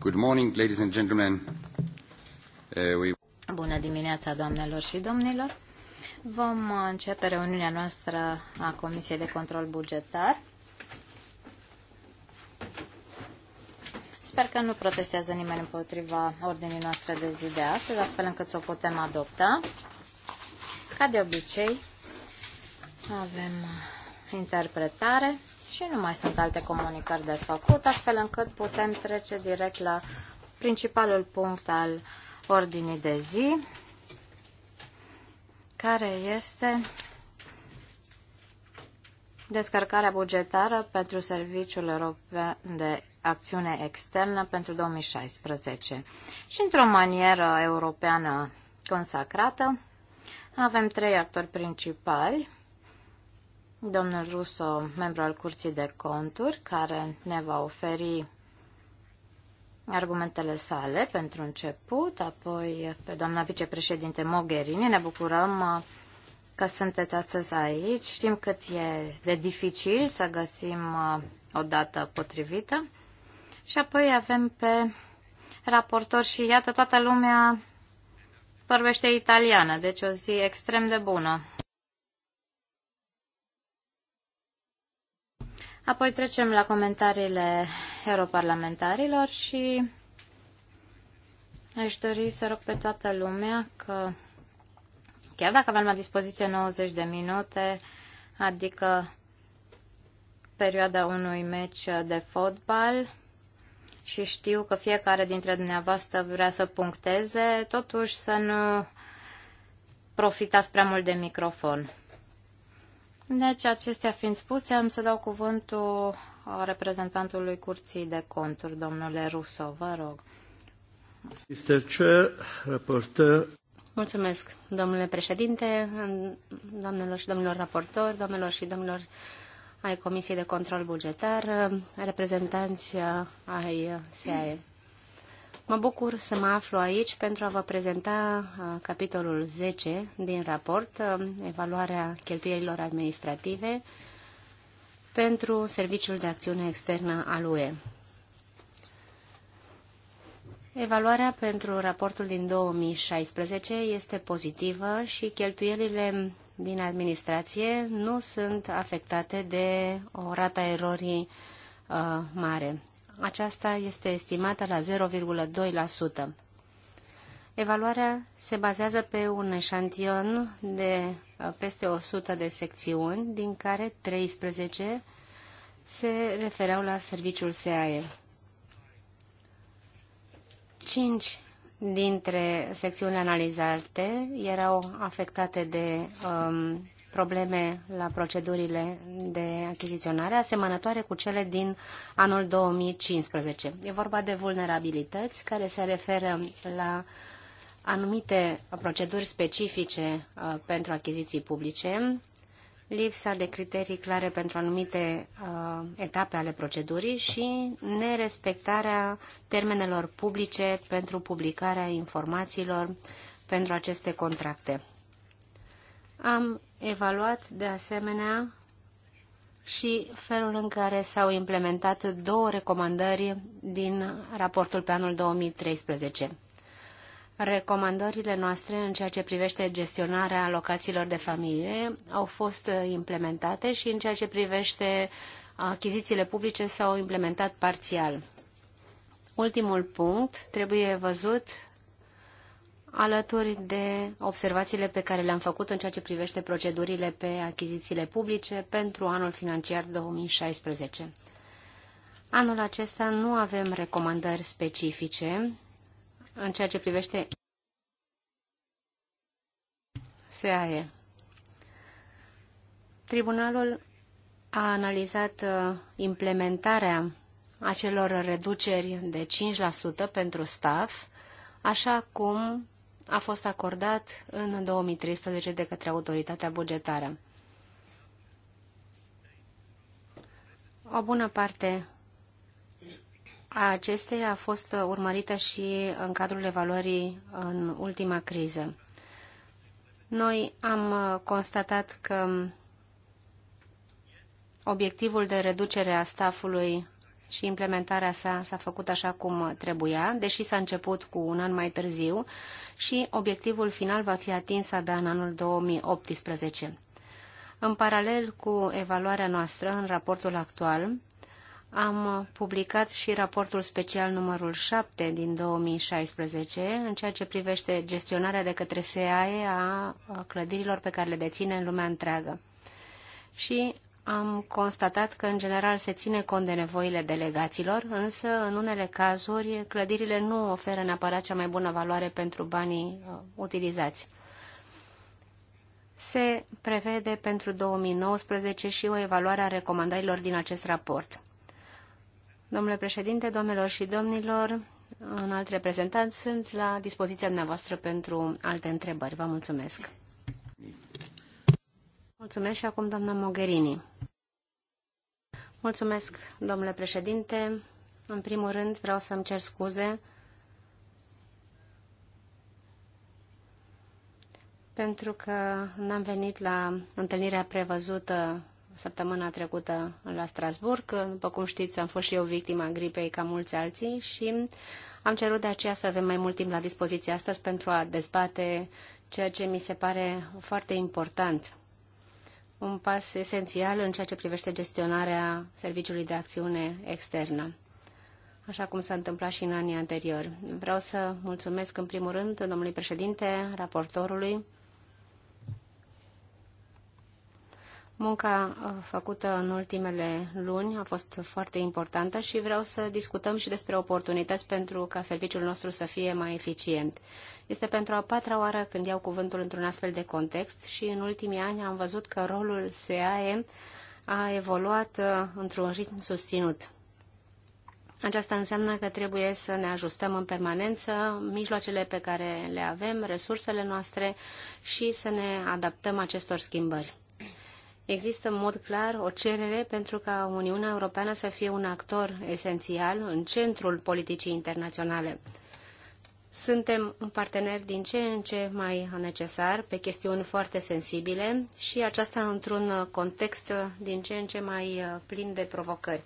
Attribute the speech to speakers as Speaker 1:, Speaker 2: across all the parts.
Speaker 1: Good morning, ladies and gentlemen. Uh, we...
Speaker 2: Bună dimineața, doamnelor și domnilor. Vom începe reuniunea noastră a Comisiei de Control Bugetar. Sper că nu protestează nimeni împotriva ordinii noastre de zi de astăzi, astfel încât să o putem adopta. Ca de obicei, avem interpretare și nu mai sunt alte comunicări de făcut, astfel încât putem trece direct la principalul punct al ordinii de zi, care este descărcarea bugetară pentru Serviciul European de Acțiune Externă pentru 2016. Și într-o manieră europeană consacrată, avem trei actori principali domnul Russo, membru al Curții de Conturi, care ne va oferi argumentele sale pentru început, apoi pe doamna vicepreședinte Mogherini. Ne bucurăm uh, că sunteți astăzi aici. Știm cât e de dificil să găsim uh, o dată potrivită. Și apoi avem pe raportor și iată toată lumea vorbește italiană, deci o zi extrem de bună. Apoi trecem la comentariile europarlamentarilor și aș dori să rog pe toată lumea că chiar dacă avem la dispoziție 90 de minute, adică perioada unui meci de fotbal, și știu că fiecare dintre dumneavoastră vrea să puncteze, totuși să nu profitați prea mult de microfon. Deci, acestea fiind spuse, am să dau cuvântul uh, reprezentantului Curții de Conturi, domnule Russo, vă rog.
Speaker 3: Mr. Chair, reporter. Mulțumesc, domnule președinte, doamnelor și domnilor raportori, domnilor și domnilor ai Comisiei de Control Bugetar, reprezentanți ai SAE. Mă bucur să mă aflu aici pentru a vă prezenta uh, capitolul 10 din raport, uh, evaluarea cheltuielilor administrative pentru Serviciul de Acțiune Externă al UE. Evaluarea pentru raportul din 2016 este pozitivă și cheltuielile din administrație nu sunt afectate de o rata erorii uh, mare aceasta este estimată la 0,2%. Evaluarea se bazează pe un eșantion de uh, peste 100 de secțiuni, din care 13 se refereau la serviciul SAE. 5 dintre secțiunile analizate erau afectate de um, probleme la procedurile de achiziționare asemănătoare cu cele din anul 2015. E vorba de vulnerabilități care se referă la anumite proceduri specifice uh, pentru achiziții publice, lipsa de criterii clare pentru anumite uh, etape ale procedurii și nerespectarea termenelor publice pentru publicarea informațiilor pentru aceste contracte. Am evaluat de asemenea și felul în care s-au implementat două recomandări din raportul pe anul 2013. Recomandările noastre în ceea ce privește gestionarea alocațiilor de familie au fost implementate și în ceea ce privește achizițiile publice s-au implementat parțial. Ultimul punct trebuie văzut alături de observațiile pe care le-am făcut în ceea ce privește procedurile pe achizițiile publice pentru anul financiar 2016. Anul acesta nu avem recomandări specifice în ceea ce privește SAE. Tribunalul a analizat uh, implementarea acelor reduceri de 5% pentru staff, așa cum a fost acordat în 2013 de către autoritatea bugetară. O bună parte a acestei a fost urmărită și în cadrul evaluării în ultima criză. Noi am constatat că obiectivul de reducere a stafului și implementarea sa s-a făcut așa cum trebuia, deși s-a început cu un an mai târziu și obiectivul final va fi atins abia în anul 2018. În paralel cu evaluarea noastră în raportul actual, am publicat și raportul special numărul 7 din 2016 în ceea ce privește gestionarea de către SEAE a clădirilor pe care le deține în lumea întreagă. Și am constatat că, în general, se ține cont de nevoile delegaților, însă, în unele cazuri, clădirile nu oferă neapărat cea mai bună valoare pentru banii uh, utilizați. Se prevede pentru 2019 și o evaluare a recomandărilor din acest raport. Domnule președinte, domnilor și domnilor, în alt reprezentant, sunt la dispoziția dumneavoastră pentru alte întrebări. Vă mulțumesc! Mulțumesc și acum doamna Mogherini. Mulțumesc, domnule președinte. În primul rând vreau să-mi cer scuze pentru că n-am venit la întâlnirea prevăzută săptămâna trecută la Strasburg. După cum știți, am fost și eu victima gripei ca mulți alții și am cerut de aceea să avem mai mult timp la dispoziție astăzi pentru a dezbate ceea ce mi se pare foarte important un pas esențial în ceea ce privește gestionarea serviciului de acțiune externă, așa cum s-a întâmplat și în anii anteriori. Vreau să mulțumesc în primul rând domnului președinte, raportorului, Munca uh, făcută în ultimele luni a fost foarte importantă și vreau să discutăm și despre oportunități pentru ca serviciul nostru să fie mai eficient. Este pentru a patra oară când iau cuvântul într-un astfel de context și în ultimii ani am văzut că rolul SEAE a evoluat uh, într-un ritm susținut. Aceasta înseamnă că trebuie să ne ajustăm în permanență mijloacele pe care le avem, resursele noastre și să ne adaptăm acestor schimbări. Există în mod clar o cerere pentru ca Uniunea Europeană să fie un actor esențial în centrul politicii internaționale. Suntem un partener din ce în ce mai necesar pe chestiuni foarte sensibile și aceasta într-un context din ce în ce mai uh, plin de provocări.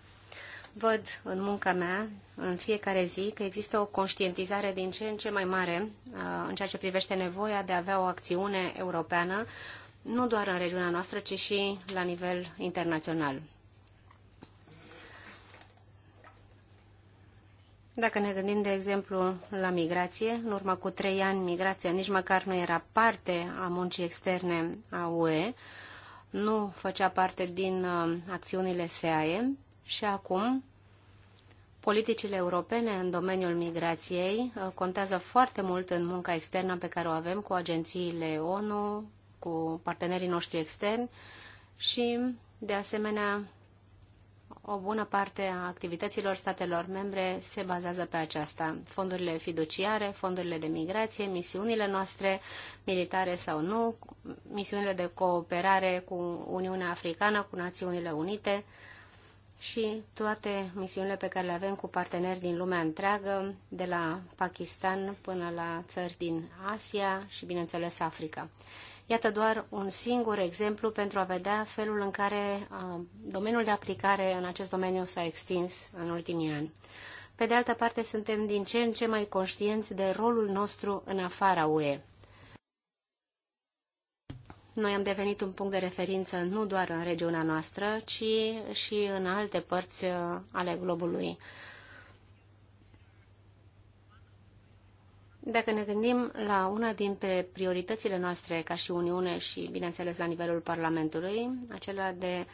Speaker 3: Văd în munca mea, în fiecare zi, că există o conștientizare din ce în ce mai mare uh, în ceea ce privește nevoia de a avea o acțiune europeană, nu doar în regiunea noastră, ci și la nivel internațional. Dacă ne gândim, de exemplu, la migrație, în urmă cu trei ani migrația nici măcar nu era parte a muncii externe a UE, nu făcea parte din uh, acțiunile SEAE. și acum politicile europene în domeniul migrației uh, contează foarte mult în munca externă pe care o avem cu agențiile ONU, cu partenerii noștri externi și, de asemenea, o bună parte a activităților statelor membre se bazează pe aceasta. Fondurile fiduciare, fondurile de migrație, misiunile noastre, militare sau nu, misiunile de cooperare cu Uniunea Africană, cu Națiunile Unite și toate misiunile pe care le avem cu parteneri din lumea întreagă, de la Pakistan până la țări din Asia și, bineînțeles, Africa. Iată doar un singur exemplu pentru a vedea felul în care uh, domeniul de aplicare în acest domeniu s-a extins în ultimii ani. Pe de altă parte, suntem din ce în ce mai conștienți de rolul nostru în afara UE. Noi am devenit un punct de referință nu doar în regiunea noastră, ci și în alte părți uh, ale globului. Dacă ne gândim la una dintre prioritățile noastre ca și Uniune și, bineînțeles, la nivelul Parlamentului, acela de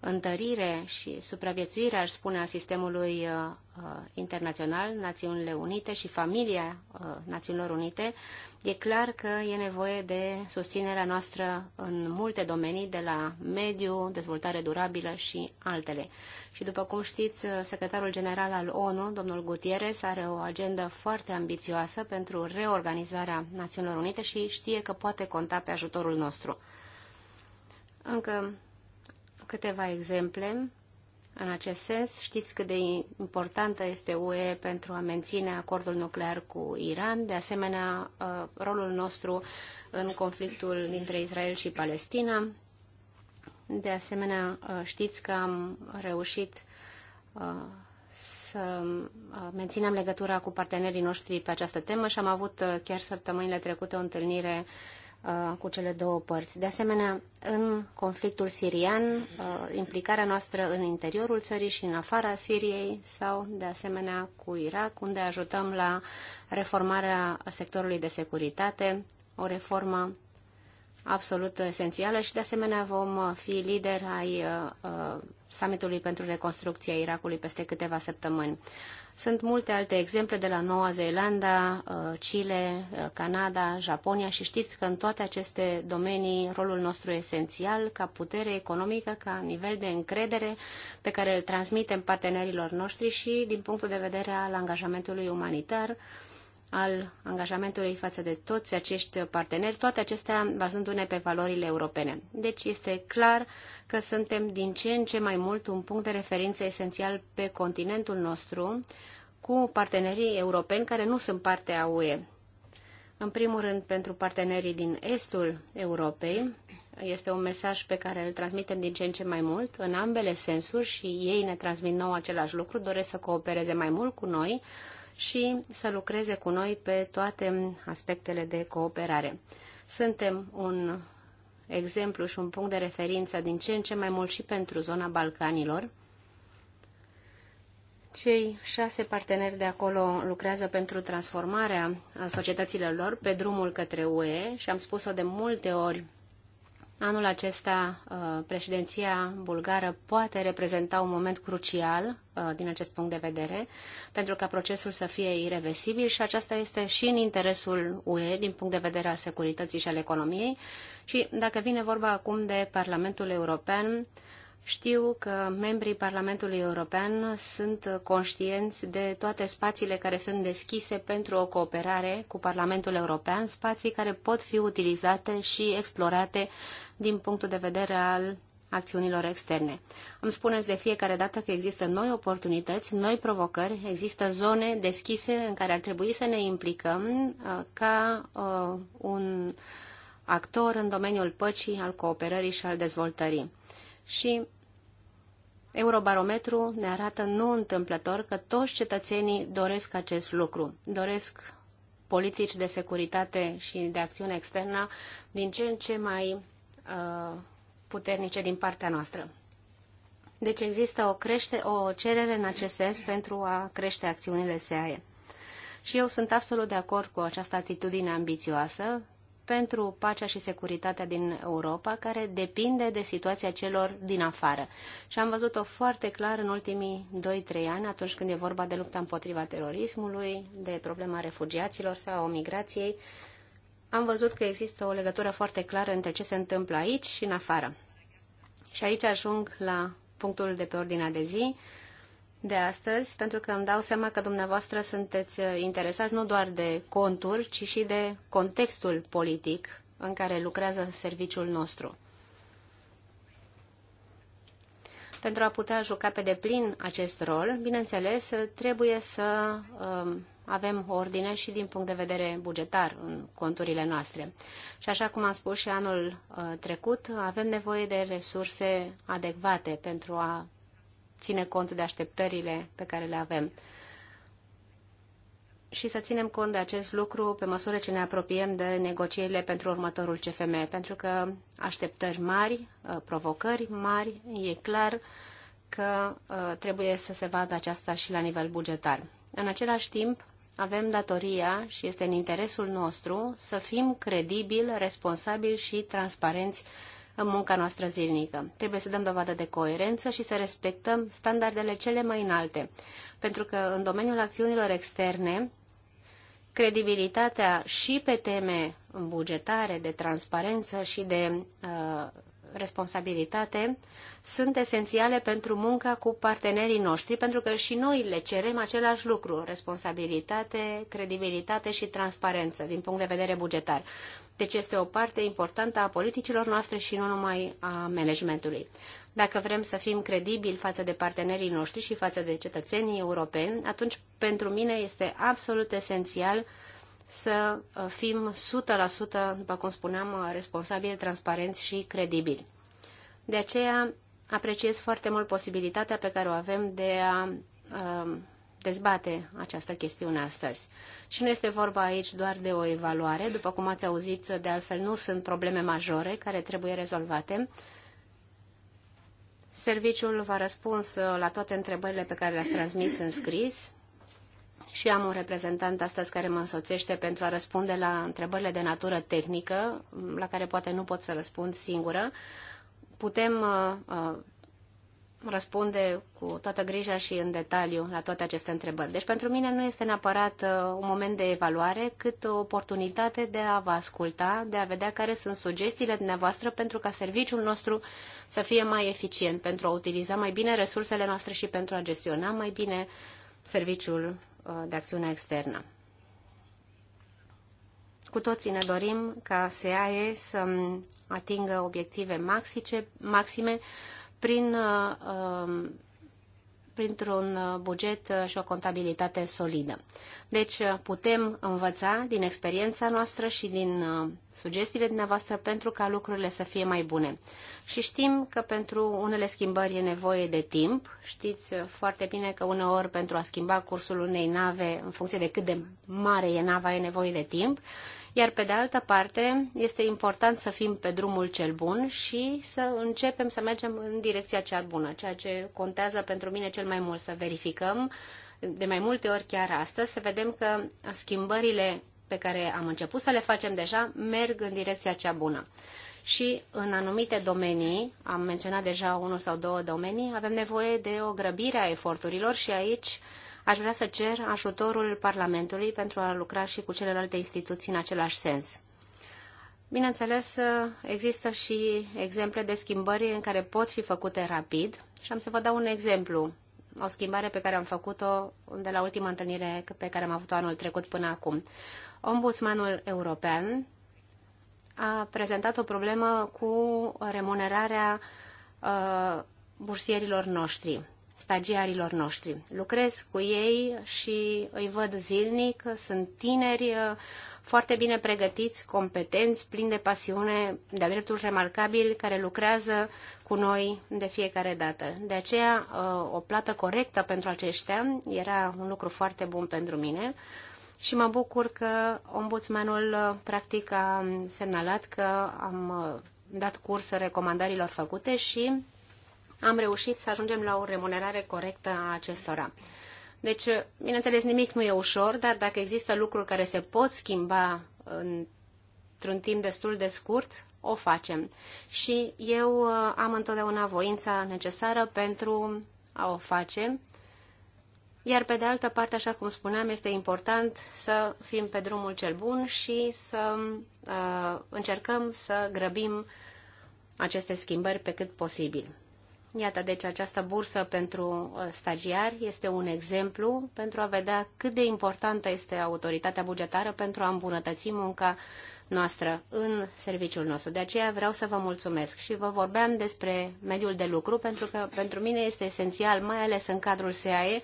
Speaker 3: întărire și supraviețuire, aș spune, a sistemului uh, uh, internațional, Națiunile Unite și familia uh, Națiunilor Unite, e clar că e nevoie de susținerea noastră în multe domenii, de la mediu, dezvoltare durabilă și altele. Și după cum știți, uh, secretarul general al ONU, domnul Gutierrez, are o agendă foarte ambițioasă pentru reorganizarea Națiunilor Unite și știe că poate conta pe ajutorul nostru. Încă câteva exemple în acest sens. Știți cât de importantă este UE pentru a menține acordul nuclear cu Iran, de asemenea uh, rolul nostru în conflictul dintre Israel și Palestina. De asemenea, uh, știți că am reușit uh, să menținem legătura cu partenerii noștri pe această temă și am avut chiar săptămânile trecute o întâlnire uh, Uh, cu cele două părți. De asemenea, în conflictul sirian, uh, implicarea noastră în interiorul țării și în afara Siriei sau, de asemenea, cu Irak, unde ajutăm la reformarea sectorului de securitate, o reformă absolut esențială și, de asemenea, vom fi lideri ai uh, summitului pentru reconstrucția Irakului peste câteva săptămâni. Sunt multe alte exemple de la Noua Zeelandă, uh, Chile, uh, Canada, Japonia și știți că în toate aceste domenii rolul nostru esențial ca putere economică, ca nivel de încredere pe care îl transmitem partenerilor noștri și din punctul de vedere al angajamentului umanitar, al angajamentului față de toți acești parteneri, toate acestea bazându-ne pe valorile europene. Deci este clar că suntem din ce în ce mai mult un punct de referință esențial pe continentul nostru cu partenerii europeni care nu sunt parte a UE. În primul rând, pentru partenerii din estul Europei, este un mesaj pe care îl transmitem din ce în ce mai mult, în ambele sensuri și ei ne transmit nou același lucru, doresc să coopereze mai mult cu noi, și să lucreze cu noi pe toate aspectele de cooperare. Suntem un exemplu și un punct de referință din ce în ce mai mult și pentru zona Balcanilor. Cei șase parteneri de acolo lucrează pentru transformarea societăților lor pe drumul către UE și am spus-o de multe ori Anul acesta, uh, președinția bulgară poate reprezenta un moment crucial uh, din acest punct de vedere, pentru ca procesul să fie irreversibil și aceasta este și în interesul UE din punct de vedere al securității și al economiei. Și dacă vine vorba acum de Parlamentul European, știu că membrii Parlamentului European sunt conștienți de toate spațiile care sunt deschise pentru o cooperare cu Parlamentul European, spații care pot fi utilizate și explorate din punctul de vedere al acțiunilor externe. Îmi spuneți de fiecare dată că există noi oportunități, noi provocări, există zone deschise în care ar trebui să ne implicăm uh, ca uh, un actor în domeniul păcii, al cooperării și al dezvoltării și Eurobarometru ne arată nu întâmplător că toți cetățenii doresc acest lucru, doresc politici de securitate și de acțiune externă din ce în ce mai uh, puternice din partea noastră. Deci există o, crește, o cerere în acest sens pentru a crește acțiunile SEAE. Și eu sunt absolut de acord cu această atitudine ambițioasă pentru pacea și securitatea din Europa, care depinde de situația celor din afară. Și am văzut-o foarte clar în ultimii 2-3 ani, atunci când e vorba de lupta împotriva terorismului, de problema refugiaților sau migrației. Am văzut că există o legătură foarte clară între ce se întâmplă aici și în afară. Și aici ajung la punctul de pe ordinea de zi, de astăzi, pentru că îmi dau seama că dumneavoastră sunteți uh, interesați nu doar de conturi, ci și de contextul politic în care lucrează serviciul nostru. Pentru a putea juca pe deplin acest rol, bineînțeles, trebuie să um, avem ordine și din punct de vedere bugetar în conturile noastre. Și așa cum am spus și anul uh, trecut, avem nevoie de resurse adecvate pentru a ține cont de așteptările pe care le avem. Și să ținem cont de acest lucru pe măsură ce ne apropiem de negocierile pentru următorul CFM, pentru că așteptări mari, uh, provocări mari, e clar că uh, trebuie să se vadă aceasta și la nivel bugetar. În același timp, avem datoria și este în interesul nostru să fim credibili, responsabili și transparenți în munca noastră zilnică. Trebuie să dăm dovadă de coerență și să respectăm standardele cele mai înalte, pentru că în domeniul acțiunilor externe, credibilitatea și pe teme bugetare, de transparență și de uh, responsabilitate sunt esențiale pentru munca cu partenerii noștri, pentru că și noi le cerem același lucru, responsabilitate, credibilitate și transparență din punct de vedere bugetar. Deci este o parte importantă a politicilor noastre și nu numai a managementului. Dacă vrem să fim credibili față de partenerii noștri și față de cetățenii europeni, atunci pentru mine este absolut esențial uh, să uh, fim 100%, după cum spuneam, uh, responsabili, transparenți și credibili. De aceea apreciez foarte mult posibilitatea pe care o avem de a uh, dezbate această chestiune astăzi. Și nu este vorba aici doar de o evaluare, după cum ați auzit, de altfel nu sunt probleme majore care trebuie rezolvate. Serviciul va răspuns la toate întrebările pe care le-ați transmis în scris și am un reprezentant astăzi care mă însoțește pentru a răspunde la întrebările de natură tehnică, la care poate nu pot să răspund singură. Putem uh, uh răspunde cu toată grija și în detaliu la toate aceste întrebări. Deci pentru mine nu este neapărat uh, un moment de evaluare, cât o oportunitate de a vă asculta, de a vedea care sunt sugestiile dumneavoastră pentru ca serviciul nostru să fie mai eficient, pentru a utiliza mai bine resursele noastre și pentru a gestiona mai bine serviciul Uh, de acțiune externă. Cu toții ne dorim ca SEAE să atingă obiective maxice, maxime prin uh, um, printr-un uh, buget uh, și o contabilitate solidă. Deci uh, putem învăța din experiența noastră și din sugestiile dumneavoastră pentru ca lucrurile să fie mai bune. Și știm că pentru unele schimbări e nevoie de timp. Știți foarte bine că uneori pentru a schimba cursul unei nave, în funcție de cât de mare e nava, e nevoie de timp. Iar pe de altă parte, este important să fim pe drumul cel bun și să începem să mergem în direcția cea bună, ceea ce contează pentru mine cel mai mult, să verificăm de mai multe ori chiar astăzi, să vedem că schimbările pe care am început să le facem deja merg în direcția cea bună. Și în anumite domenii, am menționat deja unul sau două domenii, avem nevoie de o grăbire a eforturilor și aici uh, Aș vrea să cer ajutorul Parlamentului pentru a lucra și cu celelalte instituții în același sens. Bineînțeles, există și exemple de schimbări în care pot fi făcute rapid și am să vă dau un exemplu. O schimbare pe care am făcut-o de la ultima întâlnire pe care am avut-o anul trecut până acum. Ombudsmanul european a prezentat o problemă cu remunerarea uh, bursierilor noștri stagiarilor noștri. Lucrez cu ei și îi văd zilnic, sunt tineri, uh, foarte bine pregătiți, competenți, plini de pasiune, de-a dreptul remarcabil, care lucrează cu noi de fiecare dată. De aceea, uh, o plată corectă pentru aceștia era un lucru foarte bun pentru mine și mă bucur că ombudsmanul uh, practic a semnalat că am dat curs recomandărilor făcute și am reușit să ajungem la o remunerare corectă a acestora. Deci, bineînțeles, nimic nu e ușor, dar dacă există lucruri care se pot schimba într-un timp destul de scurt, o facem. Și eu uh, am întotdeauna voința necesară pentru a o face. Iar pe de altă parte, așa cum spuneam, este important să fim pe drumul cel bun și să uh, încercăm să grăbim aceste schimbări pe cât posibil. Iată, deci această bursă pentru uh, stagiari este un exemplu pentru a vedea cât de importantă este autoritatea bugetară pentru a îmbunătăți munca noastră în serviciul nostru. De aceea vreau să vă mulțumesc și vă vorbeam despre mediul de lucru pentru că pentru mine este esențial, mai ales în cadrul SEAE,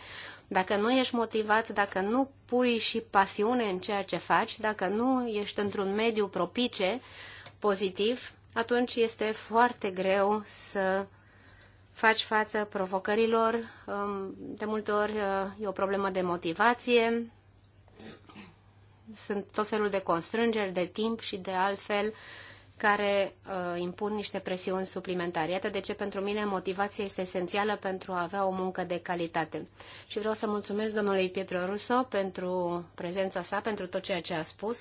Speaker 3: dacă nu ești motivat, dacă nu pui și pasiune în ceea ce faci, dacă nu ești într-un mediu propice, pozitiv, atunci este foarte greu să faci față provocărilor. De multe ori uh, e o problemă de motivație, sunt tot felul de constrângeri de timp și de altfel care uh, impun niște presiuni suplimentare. Iată de ce pentru mine motivația este esențială pentru a avea o muncă de calitate. Și vreau să mulțumesc domnului Pietro Russo pentru prezența sa, pentru tot ceea ce a spus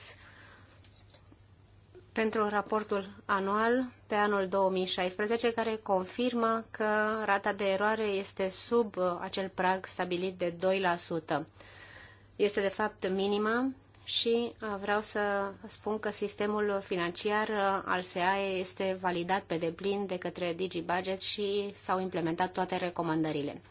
Speaker 3: pentru raportul anual pe anul 2016, care confirmă că rata de eroare este sub uh, acel prag stabilit de 2%. Este de fapt minima și uh, vreau să spun că sistemul financiar uh, al SEAE este validat pe deplin de către DigiBudget și s-au implementat toate recomandările.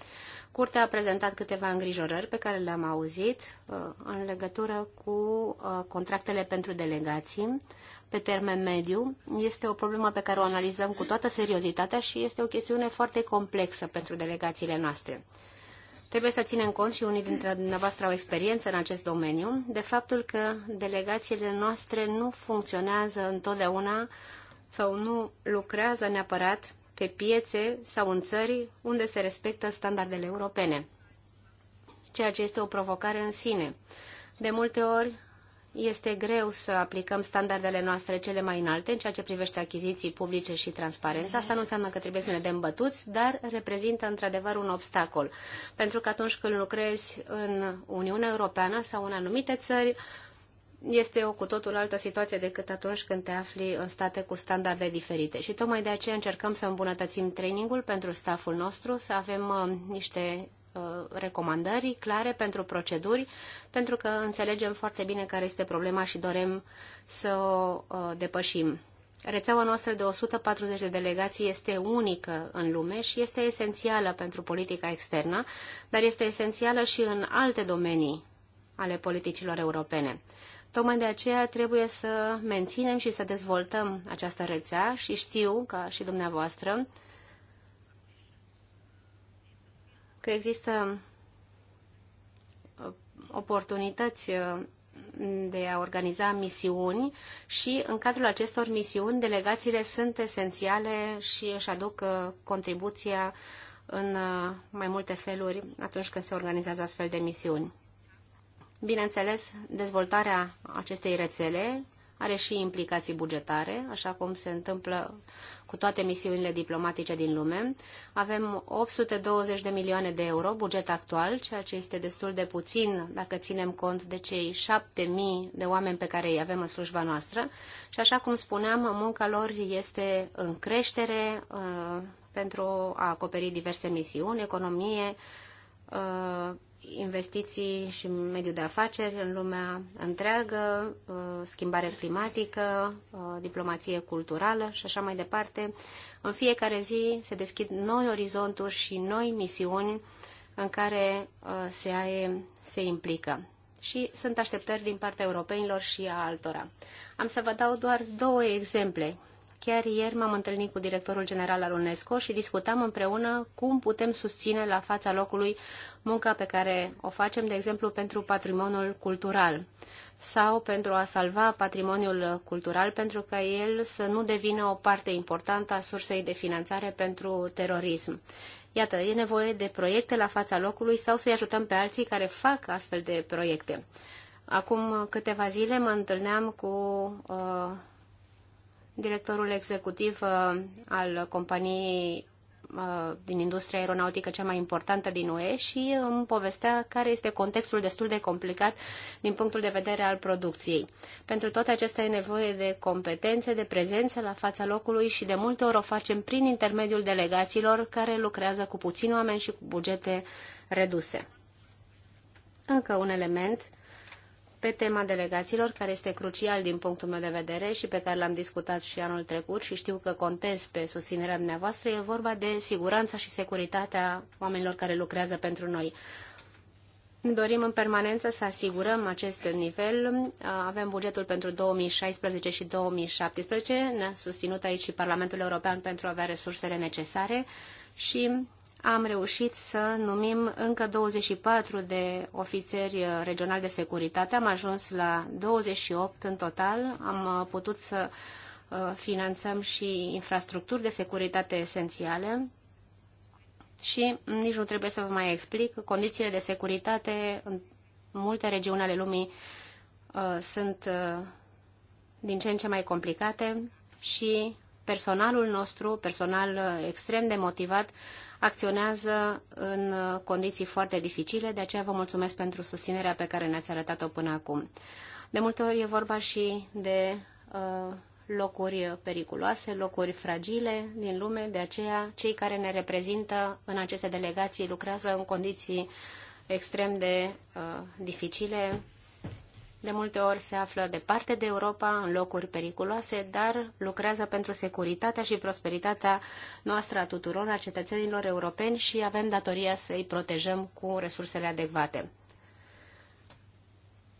Speaker 3: Curtea a prezentat câteva îngrijorări pe care le-am auzit uh, în legătură cu uh, contractele pentru delegații pe termen mediu. Este o problemă pe care o analizăm cu toată seriozitatea și este o chestiune foarte complexă pentru delegațiile noastre. Trebuie să ținem cont și unii dintre dumneavoastră au experiență în acest domeniu de faptul că delegațiile noastre nu funcționează întotdeauna sau nu lucrează neapărat pe piețe sau în țări unde se respectă standardele europene, ceea ce este o provocare în sine. De multe ori este greu să aplicăm standardele noastre cele mai înalte în ceea ce privește achiziții publice și transparența. Asta nu înseamnă că trebuie să ne dăm bătuți, dar reprezintă într-adevăr un obstacol. Pentru că atunci când lucrezi în Uniunea Europeană sau în anumite țări, este o cu totul altă situație decât atunci când te afli în state cu standarde diferite. Și tocmai de aceea încercăm să îmbunătățim trainingul pentru stafful nostru, să avem uh, niște uh, recomandări clare pentru proceduri, pentru că înțelegem foarte bine care este problema și dorem să o uh, depășim. Rețeaua noastră de 140 de delegații este unică în lume și este esențială pentru politica externă, dar este esențială și în alte domenii ale politicilor europene. Tocmai de aceea trebuie să menținem și să dezvoltăm această rețea și știu, ca și dumneavoastră, că există uh, oportunități uh, de a organiza misiuni și în cadrul acestor misiuni delegațiile sunt esențiale și își aduc uh, contribuția în mai multe feluri atunci când se organizează astfel de misiuni. Bineînțeles, dezvoltarea acestei rețele are și implicații bugetare, așa cum se întâmplă cu toate misiunile diplomatice din lume. Avem 820 de milioane de euro buget actual, ceea ce este destul de puțin dacă ținem cont de cei 7000 de oameni pe care îi avem în slujba noastră. Și așa cum spuneam, munca lor este în creștere uh, pentru a acoperi diverse misiuni, economie, uh, investiții și mediul de afaceri în lumea întreagă, uh, schimbare climatică, uh, diplomație culturală și așa mai departe. În fiecare zi se deschid noi orizonturi și noi misiuni în care uh, se aie, se implică. Și sunt așteptări din partea europenilor și a altora. Am să vă dau doar două exemple Chiar ieri m-am întâlnit cu directorul general al UNESCO și discutam împreună cum putem susține la fața locului munca pe care o facem, de exemplu, pentru patrimoniul cultural sau pentru a salva patrimoniul cultural, pentru ca el să nu devină o parte importantă a sursei de finanțare pentru terorism. Iată, e nevoie de proiecte la fața locului sau să-i ajutăm pe alții care fac astfel de proiecte. Acum câteva zile mă întâlneam cu uh, directorul executiv uh, al companiei uh, din industria aeronautică cea mai importantă din UE și îmi povestea care este contextul destul de complicat din punctul de vedere al producției. Pentru toate acestea e nevoie de competențe, de prezență la fața locului și de multe ori o facem prin intermediul delegațiilor care lucrează cu puțini oameni și cu bugete reduse. Încă un element pe tema delegațiilor, care este crucial din punctul meu de vedere și pe care l-am discutat și anul trecut și știu că contez pe susținerea dumneavoastră, e vorba de siguranța și securitatea oamenilor care lucrează pentru noi. Dorim în permanență să asigurăm acest nivel. Avem bugetul pentru 2016 și 2017. Ne-a susținut aici și Parlamentul European pentru a avea resursele necesare și am reușit să numim încă 24 de ofițeri uh, regionali de securitate. Am ajuns la 28 în total. Am uh, putut să uh, finanțăm și infrastructuri de securitate esențiale. Și nici nu trebuie să vă mai explic, condițiile de securitate în multe regiuni ale lumii sunt din ce în ce mai complicate și personalul nostru, personal extrem de motivat, acționează în uh, condiții foarte dificile, de aceea vă mulțumesc pentru susținerea pe care ne-ați arătat-o până acum. De multe ori e vorba și de uh, locuri periculoase, locuri fragile din lume, de aceea cei care ne reprezintă în aceste delegații lucrează în condiții extrem de uh, dificile, de multe ori se află departe de Europa, în locuri periculoase, dar lucrează pentru securitatea și prosperitatea noastră a tuturor, a cetățenilor europeni și avem datoria să îi protejăm cu resursele adecvate.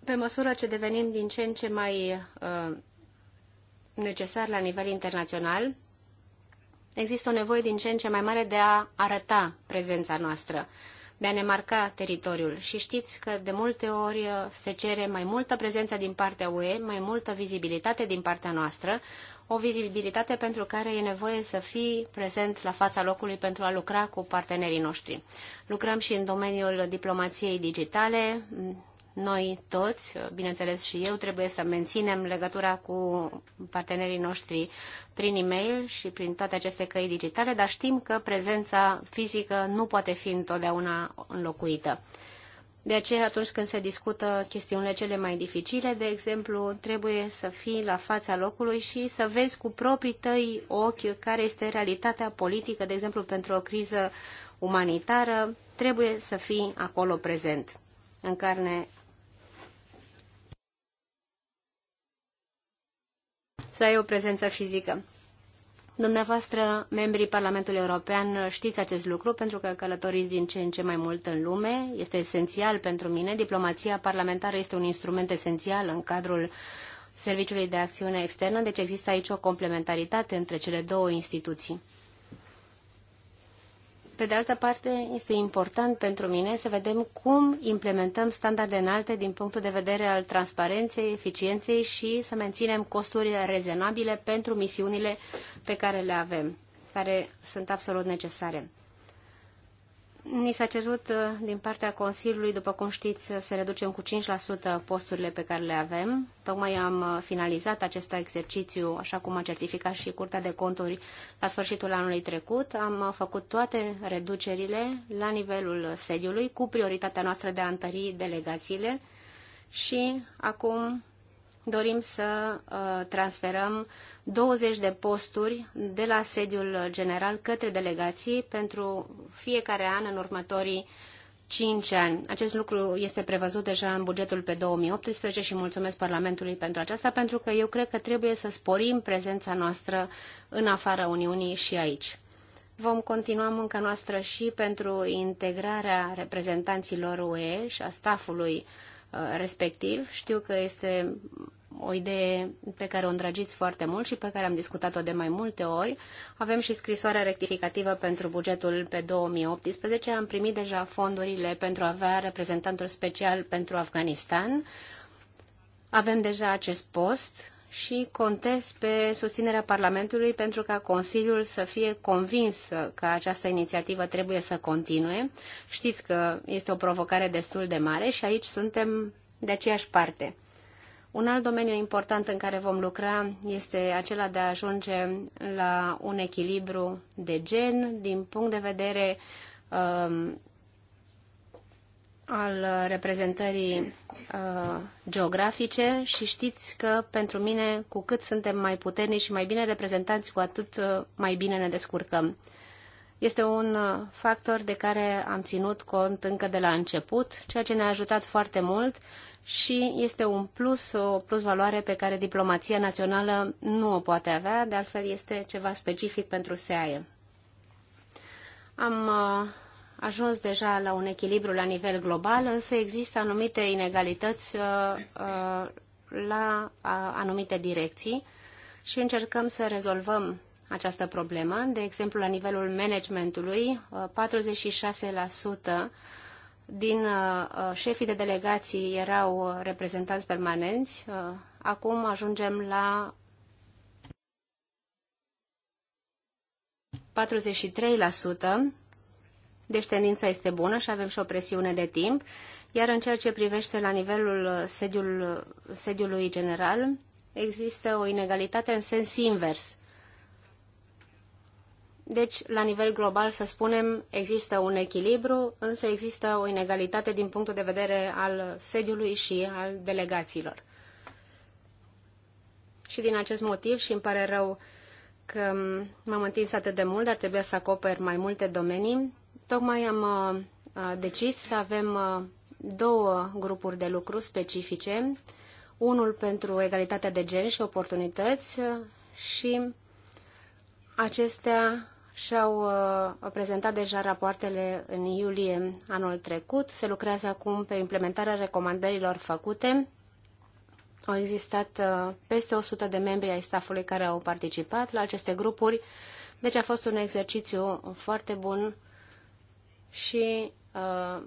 Speaker 3: Pe măsură ce devenim din ce în ce mai uh, necesar la nivel internațional, există o nevoie din ce în ce mai mare de a arăta prezența noastră. Uh, de a ne marca teritoriul. Și știți că de multe ori uh, se cere mai multă prezență din partea UE, mai multă vizibilitate din partea noastră, o vizibilitate pentru care e nevoie să fii prezent la fața locului pentru a lucra cu partenerii noștri. Lucrăm și în domeniul diplomației digitale, noi toți, bineînțeles și eu, trebuie să menținem legătura cu partenerii noștri prin e-mail și prin toate aceste căi digitale, dar știm că prezența fizică nu poate fi întotdeauna înlocuită. De aceea, atunci când se discută chestiunile cele mai dificile, de exemplu, trebuie să fii la fața locului și să vezi cu proprii tăi ochi care este realitatea politică, de exemplu, pentru o criză umanitară, trebuie să fii acolo prezent, în carne să ai o prezență fizică. Dumneavoastră, membrii Parlamentului European, știți acest lucru pentru că călătoriți din ce în ce mai mult în lume. Este esențial pentru mine. Diplomația parlamentară este un instrument esențial în cadrul Serviciului de Acțiune Externă, deci există aici o complementaritate între cele două instituții. Pe de altă parte, este important pentru mine să vedem cum implementăm standarde înalte din punctul de vedere al transparenței, eficienței și să menținem costurile rezonabile pentru misiunile pe care le avem, care sunt absolut necesare. Ni s-a cerut uh, din partea Consiliului, după cum știți, să reducem cu 5% posturile pe care le avem. Tocmai am uh, finalizat acest exercițiu, așa cum a certificat și Curtea de Conturi la sfârșitul anului trecut. Am uh, făcut toate reducerile la nivelul sediului, cu prioritatea noastră de a întări delegațiile și acum dorim să uh, transferăm 20 de posturi de la sediul general către delegații pentru fiecare an în următorii 5 ani. Acest lucru este prevăzut deja în bugetul pe 2018 și mulțumesc Parlamentului pentru aceasta, pentru că eu cred că trebuie să sporim prezența noastră în afara Uniunii și aici. Vom continua munca noastră și pentru integrarea reprezentanților UE și a stafului Uh, respectiv. Știu că este o idee pe care o îndrăgiți foarte mult și pe care am discutat-o de mai multe ori. Avem și scrisoarea rectificativă pentru bugetul pe 2018. Am primit deja fondurile pentru a avea reprezentantul special pentru Afganistan. Avem deja acest post și contez pe susținerea Parlamentului pentru ca Consiliul să fie convins că această inițiativă trebuie să continue. Știți că este o provocare destul de mare și aici suntem de aceeași parte. Un alt domeniu important în care vom lucra este acela de a ajunge la un echilibru de gen din punct de vedere um, al reprezentării uh, geografice și știți că pentru mine, cu cât suntem mai puternici și mai bine reprezentanți, cu atât uh, mai bine ne descurcăm. Este un uh, factor de care am ținut cont încă de la început, ceea ce ne-a ajutat foarte mult și este un plus, o plus valoare pe care diplomația națională nu o poate avea, de altfel este ceva specific pentru SEAE. Am uh, ajuns deja la un echilibru la nivel global, însă există anumite inegalități uh, uh, la anumite direcții și încercăm să rezolvăm această problemă. De exemplu, la nivelul managementului, 46% uh, din șefii de delegații erau reprezentanți permanenți. Acum ajungem la 43% deci tendința este bună și avem și o presiune de timp, iar în ceea ce privește la nivelul uh, sediul, uh, sediului general, există o inegalitate în sens invers. Deci, la nivel global, să spunem, există un echilibru, însă există o inegalitate din punctul de vedere al sediului și al delegațiilor. Și din acest motiv, și îmi pare rău că m-am întins atât de mult, dar trebuia să acoper mai multe domenii, Tocmai am uh, uh, decis să avem uh, două grupuri de lucru specifice, unul pentru egalitatea de gen și oportunități și acestea și-au prezentat deja rapoartele în iulie anul trecut. Se lucrează acum pe implementarea recomandărilor făcute. Au existat peste 100 de membri ai staffului care au participat la aceste grupuri, deci a fost un exercițiu foarte bun și uh,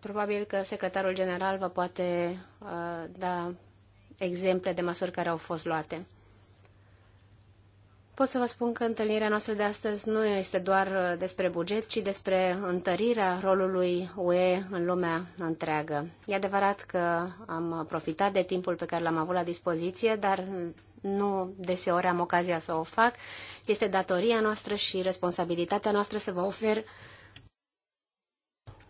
Speaker 3: probabil că secretarul general vă poate uh, da exemple de măsuri care au fost luate. Pot să vă spun că întâlnirea noastră de astăzi nu este doar uh, despre buget, ci despre întărirea rolului UE în lumea întreagă. E adevărat că am profitat de timpul pe care l-am avut la dispoziție, dar nu deseori am ocazia să o fac. Este datoria noastră și responsabilitatea noastră să vă ofer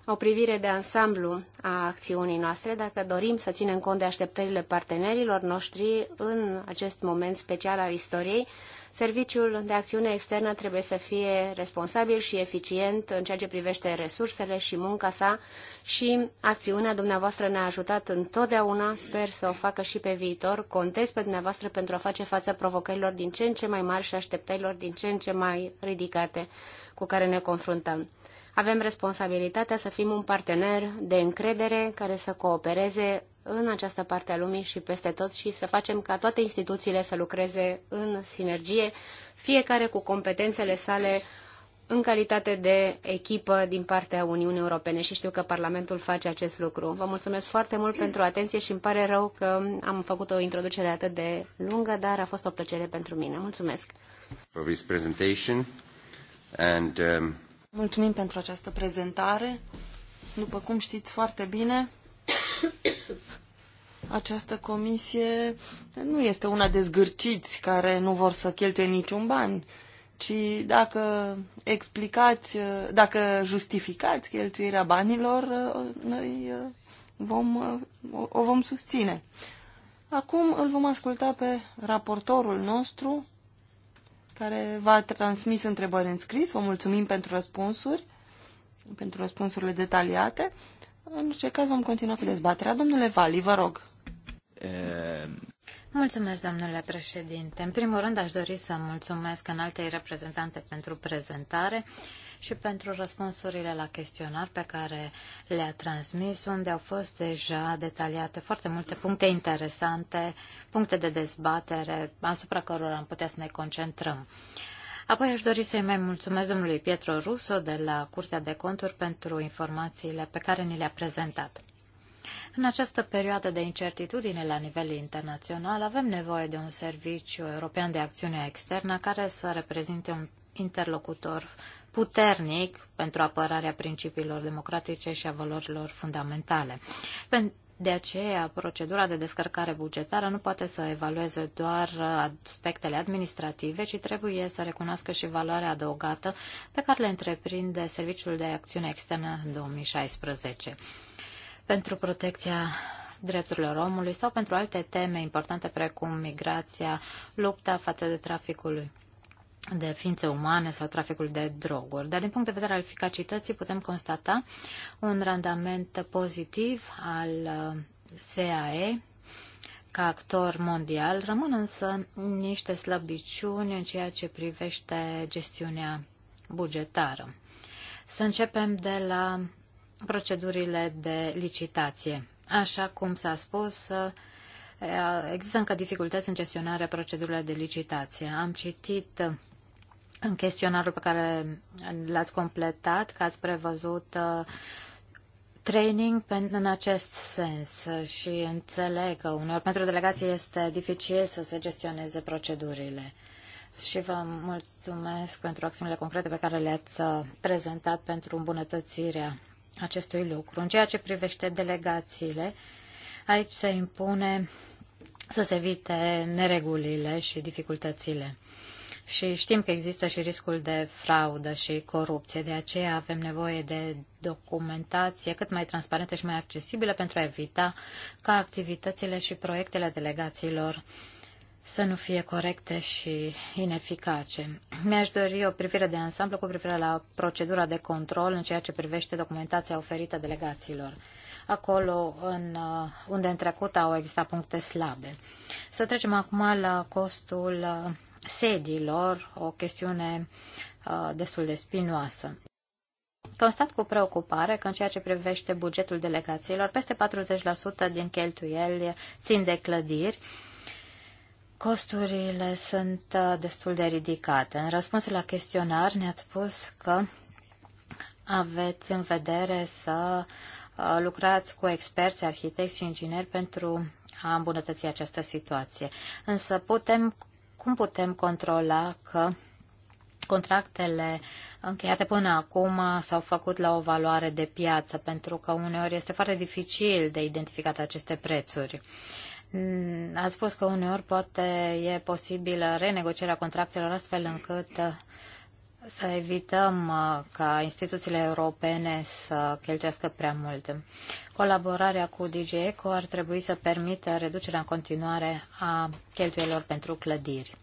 Speaker 3: o privire de ansamblu a acțiunii noastre, dacă dorim să ținem cont de așteptările partenerilor noștri în acest moment special al istoriei, Serviciul de acțiune externă trebuie să fie responsabil și eficient în ceea ce privește resursele și munca sa și acțiunea dumneavoastră ne-a ajutat întotdeauna, sper să o facă și pe viitor. Contez pe dumneavoastră pentru a face față provocărilor din ce în ce mai mari și așteptărilor din ce în ce mai ridicate cu care ne confruntăm. Avem responsabilitatea să fim un partener de încredere care să coopereze în această parte a lumii și peste tot și să facem ca toate instituțiile să lucreze în sinergie, fiecare cu competențele sale în calitate de echipă din partea Uniunii Europene și știu că Parlamentul face acest lucru. Vă mulțumesc foarte mult pentru atenție și îmi pare rău că am făcut o introducere atât de lungă, dar a
Speaker 1: fost o plăcere pentru mine. Mulțumesc!
Speaker 3: For presentation and, um...
Speaker 1: Mulțumim pentru această prezentare. După cum știți foarte bine, această comisie nu este una de zgârciți care nu vor să cheltuie niciun ban, ci dacă explicați, dacă justificați cheltuirea banilor, noi vom, o vom susține. Acum îl vom asculta pe raportorul nostru, care v-a transmis întrebări în scris. Vă mulțumim pentru răspunsuri, pentru răspunsurile detaliate. În orice caz vom continua cu dezbaterea. Domnule Vali, vă rog. E... Eh.
Speaker 2: Mulțumesc, domnule președinte. În primul rând, aș dori să mulțumesc în altei reprezentante pentru prezentare și pentru răspunsurile la chestionar pe care le-a transmis, unde au fost deja detaliate foarte multe puncte interesante, puncte de dezbatere asupra cărora am putea să ne concentrăm. Apoi aș dori să-i mai mulțumesc domnului Pietro Russo de la Curtea de Conturi pentru informațiile pe care ni le-a prezentat. În această perioadă de incertitudine la nivel internațional, avem nevoie de un serviciu european de acțiune externă care să reprezinte un interlocutor puternic pentru apărarea principiilor democratice și a valorilor fundamentale. De aceea, procedura de descărcare bugetară nu poate să evalueze doar aspectele administrative, ci trebuie să recunoască și valoarea adăugată pe care le întreprinde Serviciul de Acțiune Externă în 2016. Pentru protecția drepturilor omului sau pentru alte teme importante precum migrația, lupta față de traficul de ființe umane sau traficul de droguri. Dar din punct de vedere al eficacității putem constata un randament pozitiv al uh, SAE ca actor mondial. Rămân însă niște slăbiciuni în ceea ce privește gestiunea bugetară. Să începem de la procedurile de licitație. Așa cum s-a spus, uh, există încă dificultăți în gestionarea procedurilor de licitație. Am citit în chestionarul pe care l-ați completat, că ați prevăzut uh, training în acest sens și înțeleg că uneori pentru delegație este dificil să se gestioneze procedurile. Și vă mulțumesc pentru acțiunile concrete pe care le-ați uh, prezentat pentru îmbunătățirea acestui lucru. În ceea ce privește delegațiile, aici se impune să se evite neregulile și dificultățile și știm că există și riscul de fraudă și corupție. De aceea avem nevoie de documentație cât mai transparentă și mai accesibilă pentru a evita ca activitățile și proiectele delegațiilor să nu fie corecte și ineficace. Mi-aș dori o privire de ansamblu cu privire la procedura de control în ceea ce privește documentația oferită delegațiilor. Acolo în, unde în trecut au existat puncte slabe. Să trecem acum la costul sediilor, o chestiune uh, destul de spinoasă. Constat cu preocupare că în ceea ce privește bugetul delegațiilor, peste 40% din cheltuieli țin de clădiri, Costurile sunt uh, destul de ridicate. În răspunsul la chestionar ne-ați spus că aveți în vedere să uh, lucrați cu experți, arhitecți și ingineri pentru a îmbunătăți această situație. Însă putem cum putem controla că contractele încheiate până acum s-au făcut la o valoare de piață, pentru că uneori este foarte dificil de identificat aceste prețuri. Mm, ați spus că uneori poate e posibilă renegocierea contractelor astfel încât să evităm uh, ca instituțiile europene să cheltuiască prea mult. Colaborarea cu DGECO ar trebui să permită reducerea în continuare a cheltuielor pentru clădiri.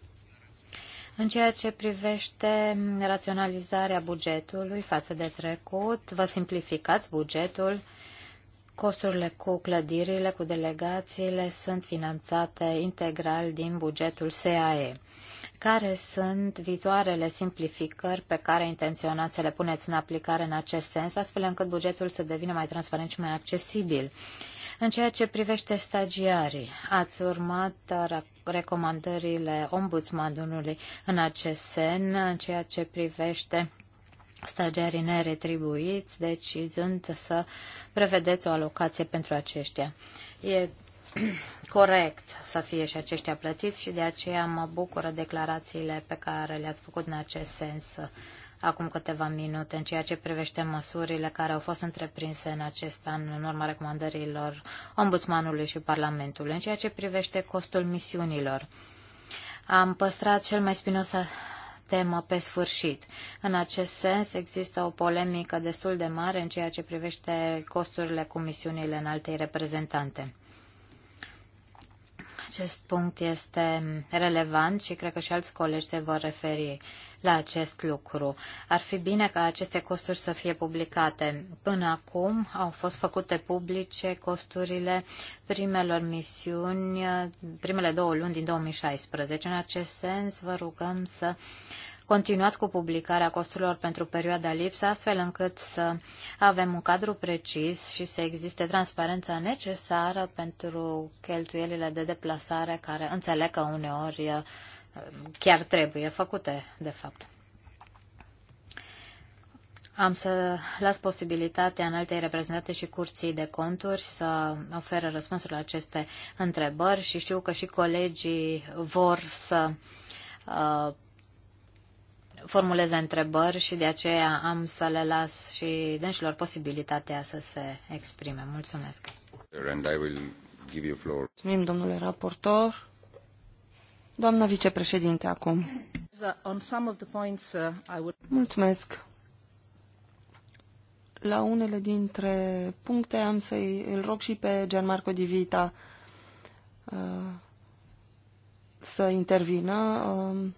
Speaker 2: În ceea ce privește raționalizarea bugetului față de trecut, vă simplificați bugetul, costurile cu clădirile, cu delegațiile sunt finanțate integral din bugetul SAE. Care sunt viitoarele simplificări pe care intenționați să le puneți în aplicare în acest sens, astfel încât bugetul să devină mai transparent și mai accesibil? În ceea ce privește stagiarii, ați urmat recomandările ombudsmanului în acest sen, în ceea ce privește stagiarii neretribuiți, decizând să prevedeți o alocație pentru aceștia. E corect să fie și aceștia plătiți și de aceea mă bucură declarațiile pe care le-ați făcut în acest sens acum câteva minute în ceea ce privește măsurile care au fost întreprinse în acest an în urma recomandărilor Ombudsmanului și Parlamentului, în ceea ce privește costul misiunilor. Am păstrat cel mai spinos temă pe sfârșit. În acest sens, există o polemică destul de mare în ceea ce privește costurile cu misiunile în altei reprezentante. Acest punct este relevant și cred că și alți colegi se vor referi la acest lucru. Ar fi bine ca aceste costuri să fie publicate. Până acum au fost făcute publice costurile primelor misiuni, primele două luni din 2016. În acest sens, vă rugăm să uh, continuați cu publicarea costurilor pentru perioada lipsă, astfel încât să avem un cadru precis și să existe transparența necesară pentru cheltuielile de deplasare care înțeleg că uneori uh, chiar trebuie făcute, de fapt. Am să las posibilitatea în altei reprezentate și curții de conturi să oferă răspunsuri la aceste întrebări și știu că și colegii vor să uh, formuleze întrebări și de aceea am să le las și dânșilor posibilitatea să se exprime. Mulțumesc.
Speaker 1: And I will give you floor. Mulțumim, domnule raportor. Doamna vicepreședinte, acum.
Speaker 3: Uh,
Speaker 1: Mulțumesc. La unele dintre puncte am să îl rog și pe Gianmarco Vita uh, să intervină. Uh,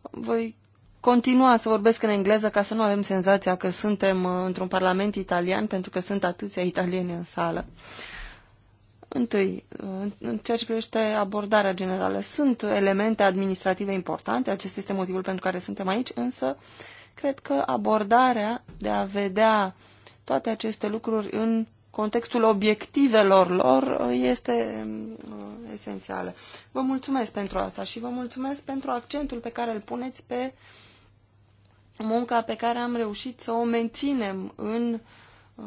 Speaker 1: voi continua să vorbesc în engleză ca să nu avem senzația că suntem uh, într-un parlament italian, pentru că sunt atâția italieni în sală. Întâi, uh, în ceea ce privește abordarea generală, sunt elemente administrative importante, Acest este motivul pentru care suntem aici, însă cred că abordarea de a vedea toate aceste lucruri în contextul obiectivelor lor uh, este esențială. Vă mulțumesc pentru asta și vă mulțumesc pentru accentul pe care îl puneți pe uh, munca pe care am reușit să o menținem în uh,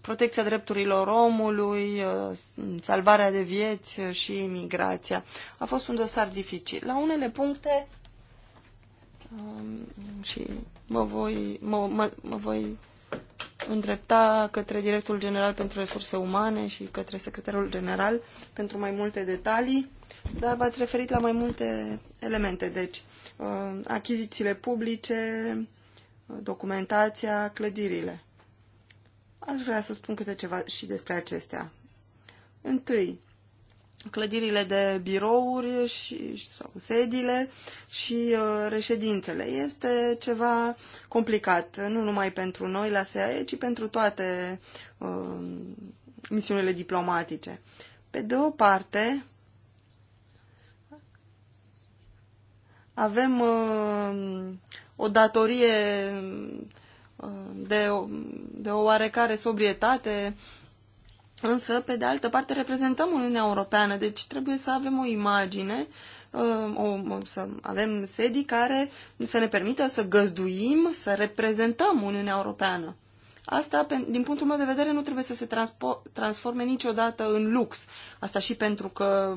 Speaker 1: protecția drepturilor omului, uh, salvarea de vieți și imigrația. A fost un dosar dificil. La unele puncte um, și mă voi, mă, mă, mă voi îndrepta către directorul general pentru resurse umane și către secretarul general pentru mai multe detalii, dar v-ați referit la mai multe elemente. Deci, Uh, achizițiile publice, uh, documentația, clădirile. Aș vrea să spun câte ceva și despre acestea. Întâi, clădirile de birouri și, sau sediile și uh, reședințele. Este ceva complicat, nu numai pentru noi la SAE, ci pentru toate uh, misiunile diplomatice. Pe de o parte, avem uh, o datorie uh, de, o, de o oarecare sobrietate, însă, pe de altă parte, reprezentăm Uniunea Europeană, deci trebuie să avem o imagine, uh, o, să avem sedii care să ne permită să găzduim, să reprezentăm Uniunea Europeană. Asta, din punctul meu de vedere, nu trebuie să se transforme niciodată în lux. Asta și pentru că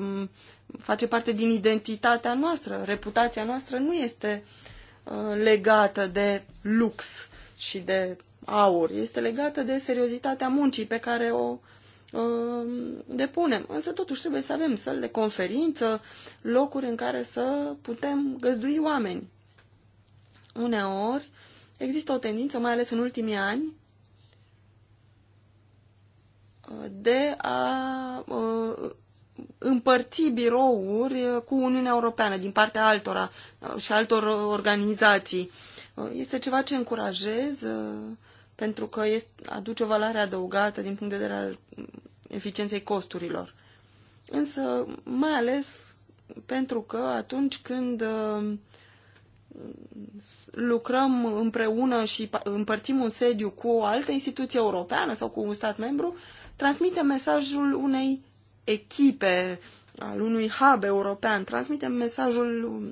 Speaker 1: face parte din identitatea noastră. Reputația noastră nu este uh, legată de lux și de aur. Este legată de seriozitatea muncii pe care o uh, depunem. Însă totuși trebuie să avem săli de conferință, locuri în care să putem găzdui oameni. Uneori există o tendință, mai ales în ultimii ani, de a uh, împărți birouri cu Uniunea Europeană din partea altora uh, și altor organizații. Uh, este ceva ce încurajez pentru că este, aduce o valoare adăugată din punct de vedere al mm, eficienței costurilor. Însă, mai ales pentru că atunci când lucrăm împreună și împărțim un sediu cu o altă instituție europeană sau cu un stat membru, uh, transmite mesajul unei echipe, al unui hub european, transmite mesajul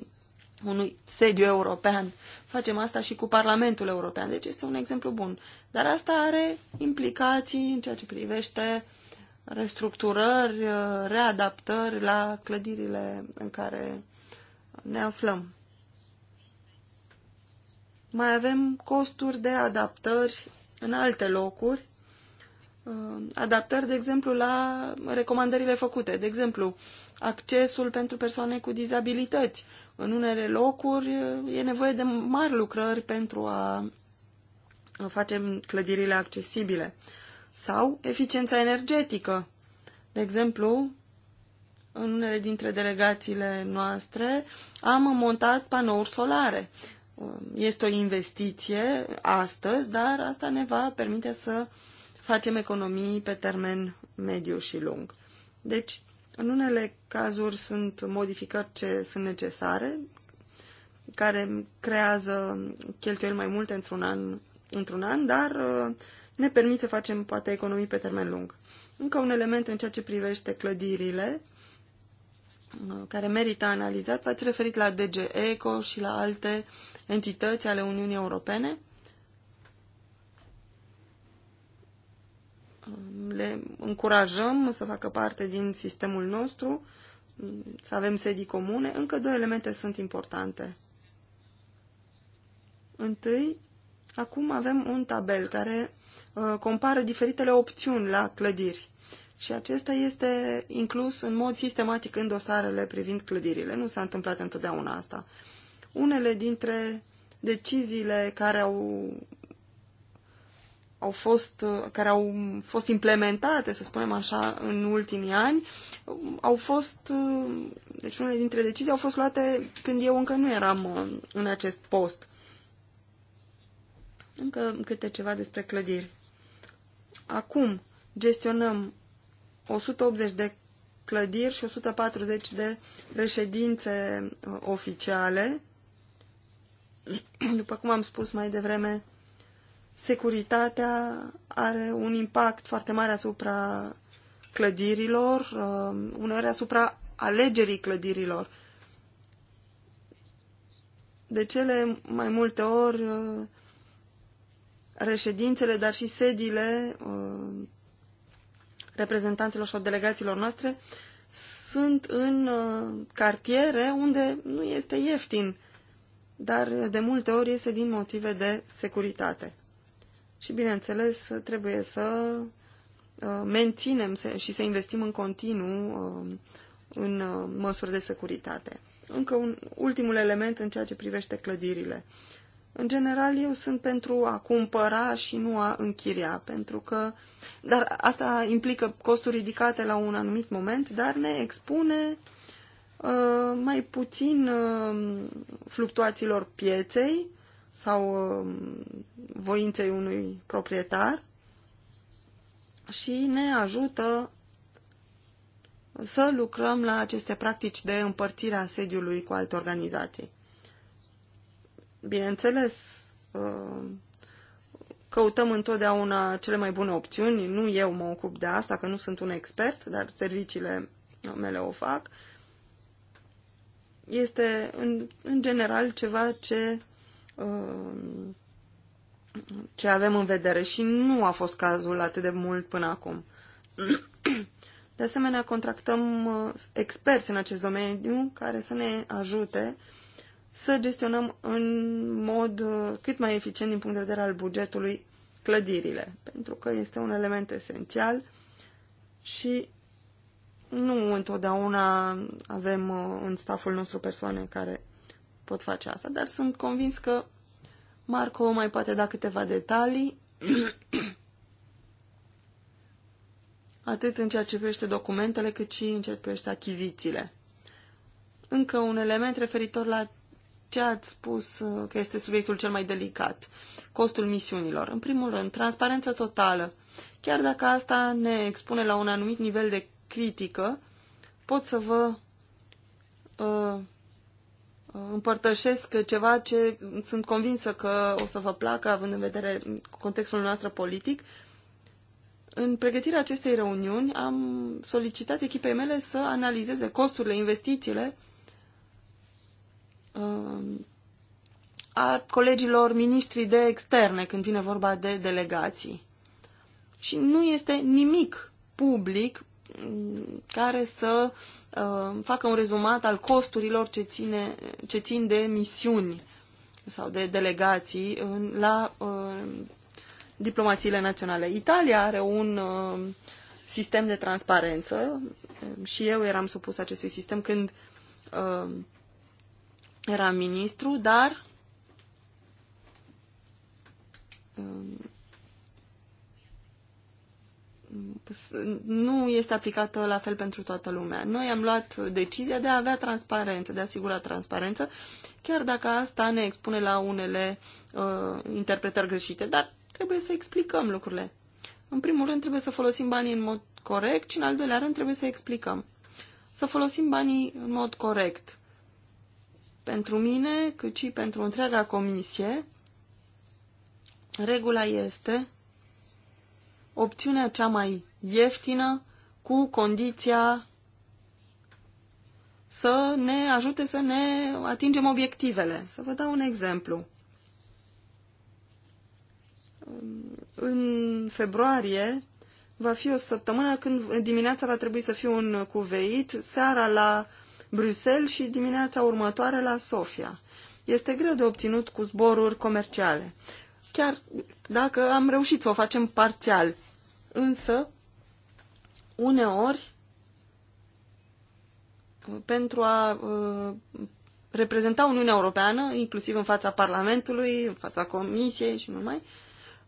Speaker 1: unui sediu european. Facem asta și cu Parlamentul European, deci este un exemplu bun. Dar asta are implicații în ceea ce privește restructurări, readaptări la clădirile în care ne aflăm. Mai avem costuri de adaptări în alte locuri Uh, adaptări, de exemplu, la recomandările făcute. De exemplu, accesul pentru persoane cu dizabilități. În unele locuri uh, e nevoie de mari lucrări pentru a face clădirile accesibile. Sau eficiența energetică. De exemplu, în unele dintre delegațiile noastre am montat panouri solare. Uh, este o investiție astăzi, dar asta ne va permite să uh, facem economii pe termen mediu și lung. Deci, în unele cazuri sunt modificări ce sunt necesare, care creează cheltuieli mai multe într-un an, într-un an, dar uh, ne permit să facem poate economii pe termen lung. Încă un element în ceea ce privește clădirile, uh, care merită analizat, v-ați referit la DG ECO și la alte entități ale Uniunii Europene. le încurajăm să facă parte din sistemul nostru, să avem sedii comune. Încă două elemente sunt importante. Întâi, acum avem un tabel care uh, compară diferitele opțiuni la clădiri și acesta este inclus în mod sistematic în dosarele privind clădirile. Nu s-a întâmplat întotdeauna asta. Unele dintre deciziile care au au fost, care au fost implementate, să spunem așa, în ultimii ani, au fost, deci unele dintre decizii au fost luate când eu încă nu eram uh, în acest post. Încă câte ceva despre clădiri. Acum gestionăm 180 de clădiri și 140 de reședințe uh, oficiale. După cum am spus mai devreme, securitatea are un impact foarte mare asupra clădirilor, uh, uneori asupra alegerii clădirilor. De cele mai multe ori, uh, reședințele, dar și sediile uh, reprezentanților sau delegațiilor noastre sunt în cartiere unde nu este ieftin, dar de multe ori este din motive de securitate și, bineînțeles, trebuie să uh, menținem și să investim în continuu uh, în uh, măsuri de securitate. Încă un ultimul element în ceea ce privește clădirile. În general, eu sunt pentru a cumpăra și nu a închiria, pentru că, dar asta implică costuri ridicate la un anumit moment, dar ne expune uh, mai puțin uh, fluctuațiilor pieței sau um, voinței unui proprietar și ne ajută să lucrăm la aceste practici de împărțire a sediului cu alte organizații. Bineînțeles, um, căutăm întotdeauna cele mai bune opțiuni. Nu eu mă ocup de asta, că nu sunt un expert, dar serviciile mele o fac. Este, în, în general, ceva ce Ehm, ce avem în vedere și nu a fost cazul atât de mult până acum. De asemenea, contractăm uh, experți în acest domeniu care să ne ajute să gestionăm în mod uh, cât mai eficient din punct de vedere al bugetului clădirile, pentru că este un element esențial și nu întotdeauna avem uh, în staful nostru persoane care pot face asta, dar sunt convins că Marco mai poate da câteva detalii, atât în ceea ce privește documentele, cât și în ceea ce privește achizițiile. Încă un element referitor la ce ați spus că este subiectul cel mai delicat, costul misiunilor. În primul rând, transparență totală. Chiar dacă asta ne expune la un anumit nivel de critică, pot să vă uh, împărtășesc ceva ce sunt convinsă că o să vă placă, având în vedere contextul nostru politic. În pregătirea acestei reuniuni am solicitat echipei mele să analizeze costurile, investițiile uh, a colegilor ministri de externe când vine vorba de delegații. Și nu este nimic public care să uh, facă un rezumat al costurilor ce, ține, ce țin de misiuni sau de delegații în, la uh, diplomațiile naționale. Italia are un uh, sistem de transparență uh, și eu eram supus acestui sistem când uh, eram ministru, dar uh, nu este aplicată la fel pentru toată lumea. Noi am luat decizia de a avea transparență, de a asigura transparență, chiar dacă asta ne expune la unele uh, interpretări greșite, dar trebuie să explicăm lucrurile. În primul rând trebuie să folosim banii în mod corect și în al doilea rând trebuie să explicăm. Să folosim banii în mod corect. Pentru mine, cât și pentru întreaga comisie, regula este opțiunea cea mai ieftină cu condiția să ne ajute să ne atingem obiectivele. Să vă dau un exemplu. În februarie va fi o săptămână când dimineața va trebui să fiu în cuveit, seara la Bruxelles și dimineața următoare la Sofia. Este greu de obținut cu zboruri comerciale. Chiar dacă am reușit să o facem parțial, însă uneori pentru a uh, reprezenta Uniunea Europeană, inclusiv în fața Parlamentului, în fața Comisiei și numai,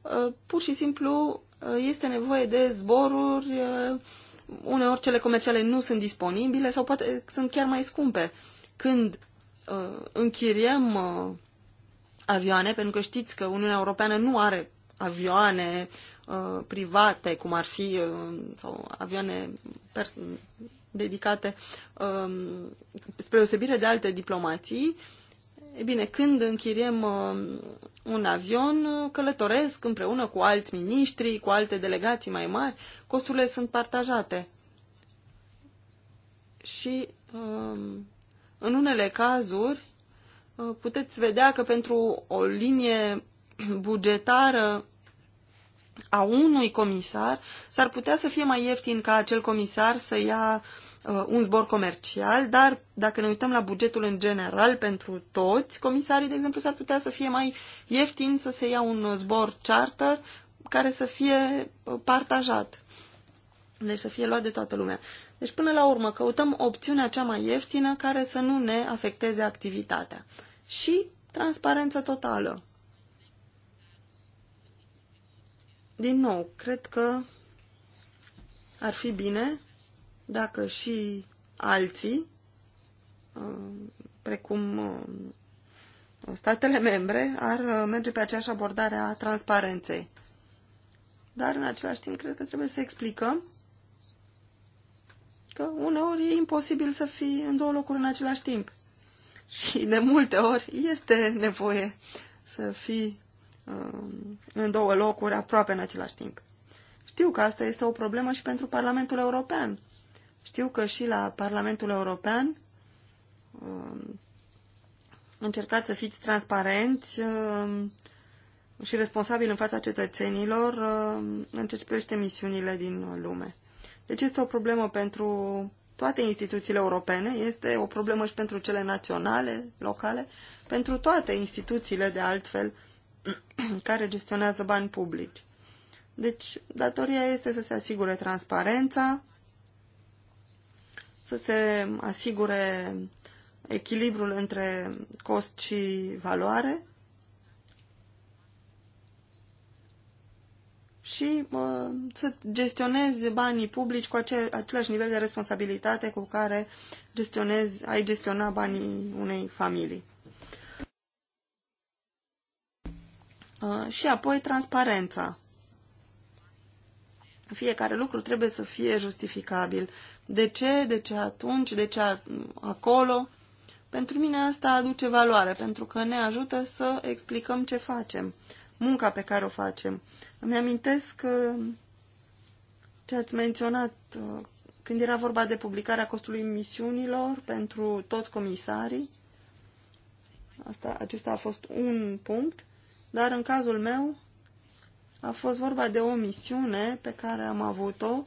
Speaker 1: uh, pur și simplu uh, este nevoie de zboruri, uneori cele comerciale nu sunt disponibile sau poate sunt chiar mai scumpe. Când închiriem avioane, pentru că știți că Uniunea Europeană nu are avioane uh, Uh, private, cum ar fi uh, sau avioane dedicate um, spre osebire de alte diplomații, E bine, când închiriem uh, un avion, călătoresc împreună cu alți miniștri, cu alte delegații mai mari, costurile sunt partajate. Și um, în unele cazuri puteți vedea că pentru o linie bugetară a unui comisar s-ar putea să fie mai ieftin ca acel comisar să ia uh, un zbor comercial, dar dacă ne uităm la bugetul în general pentru toți comisarii, de exemplu, s-ar putea să fie mai ieftin să se ia un zbor charter care să fie uh, partajat. Deci să fie luat de toată lumea. Deci până la urmă căutăm opțiunea cea mai ieftină care să nu ne afecteze activitatea. Și transparență totală. Din nou, cred că ar fi bine dacă și alții, uh, precum uh, statele membre, ar uh, merge pe aceeași abordare a transparenței. Dar, în același timp, cred că trebuie să explicăm că uneori e imposibil să fii în două locuri în același timp. Și de multe ori este nevoie să fii Um, în două locuri aproape în același timp. Știu că asta este o problemă și pentru Parlamentul European. Știu că și la Parlamentul European um, încercați să fiți transparenți um, și responsabili în fața cetățenilor în ce privește misiunile din lume. Deci este o problemă pentru toate instituțiile europene, este o problemă și pentru cele naționale, locale, pentru toate instituțiile de altfel care gestionează bani publici. Deci, datoria este să se asigure transparența, să se asigure echilibrul între cost și valoare și uh, să gestionezi banii publici cu ace- același nivel de responsabilitate cu care gestionezi, ai gestiona banii unei familii. Uh, și apoi transparența. Fiecare lucru trebuie să fie justificabil. De ce, de ce atunci, de ce acolo. Pentru mine asta aduce valoare, pentru că ne ajută să explicăm ce facem, munca pe care o facem. Îmi amintesc uh, ce ați menționat uh, când era vorba de publicarea costului misiunilor pentru toți comisarii. Asta, acesta a fost un punct dar în cazul meu a fost vorba de o misiune pe care am avut-o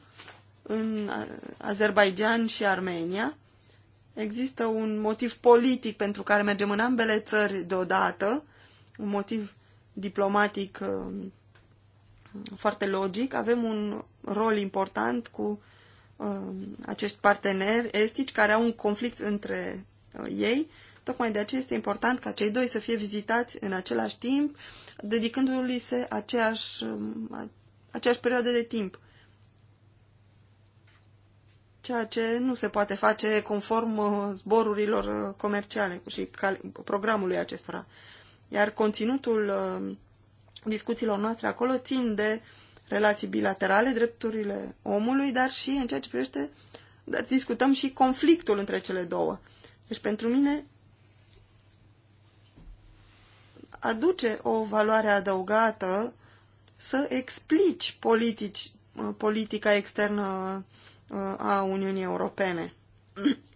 Speaker 1: în Azerbaijan și Armenia. Există un motiv politic pentru care mergem în ambele țări deodată, un motiv diplomatic um, foarte logic. Avem un rol important cu um, acești parteneri estici care au un conflict între uh, ei Tocmai de aceea este important ca cei doi să fie vizitați în același timp, dedicându-li se aceeași, aceeași perioadă de timp. Ceea ce nu se poate face conform uh, zborurilor uh, comerciale și programului acestora. Iar conținutul uh, discuțiilor noastre acolo țin de relații bilaterale, drepturile omului, dar și în ceea ce privește, discutăm și conflictul între cele două. Deci pentru mine aduce o valoare adăugată să explici politici, uh, politica externă uh, a Uniunii Europene.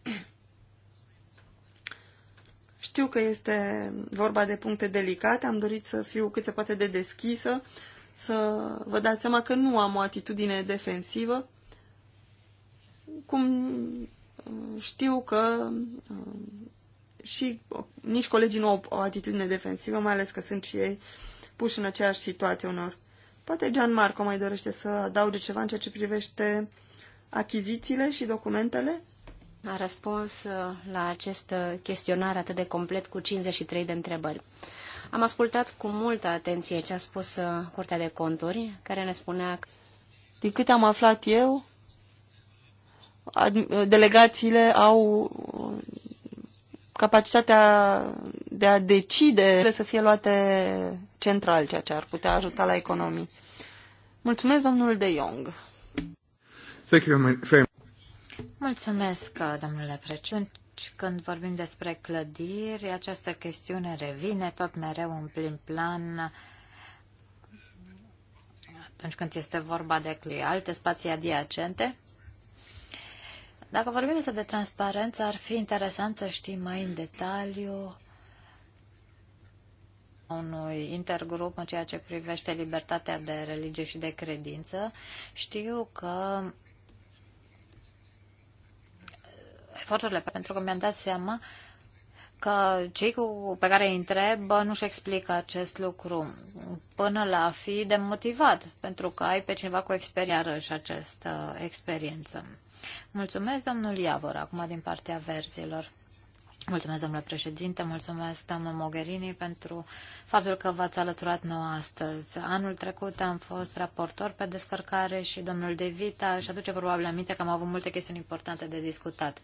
Speaker 1: Știu că este vorba de puncte delicate, am dorit să fiu cât se poate de deschisă, să vă dați seama că nu am o atitudine defensivă, cum uh, știu că și oh, nici colegii nu au o atitudine defensivă, mai ales că sunt și ei puși în aceeași situație unor. Poate Gian Marco mai dorește să adauge ceva în ceea ce privește achizițiile și documentele? A răspuns uh, la acest uh, chestionar atât de
Speaker 3: complet cu 53 de întrebări. Am ascultat cu multă atenție ce a spus uh,
Speaker 1: Curtea de Conturi, care ne spunea că... Din câte am aflat eu, delegațiile au capacitatea de a decide să fie luate central, ceea ce ar putea ajuta la economii. Mulțumesc, domnul De Jong.
Speaker 2: Thank you very much. Mulțumesc, domnule Crăciun. Când vorbim despre clădiri, această chestiune revine tot mereu în plin plan atunci când este vorba de alte spații adiacente. Dacă vorbim să de transparență, ar fi interesant să știi mai în detaliu unui intergrup în ceea ce privește libertatea de religie și de credință. Știu că eforturile, pentru că mi-am dat seama că cei cu, pe care îi întreb nu-și explică acest lucru până la fi demotivat, pentru că ai pe cineva cu experiență și această experiență. Mulțumesc, domnul Iavor, acum din partea verzilor. Mulțumesc, domnule președinte, mulțumesc, doamnă Mogherini, pentru faptul că v-ați alăturat nouă astăzi. Anul trecut am fost raportor pe descărcare și domnul De Vita își aduce probabil aminte că am avut multe chestiuni importante de discutat.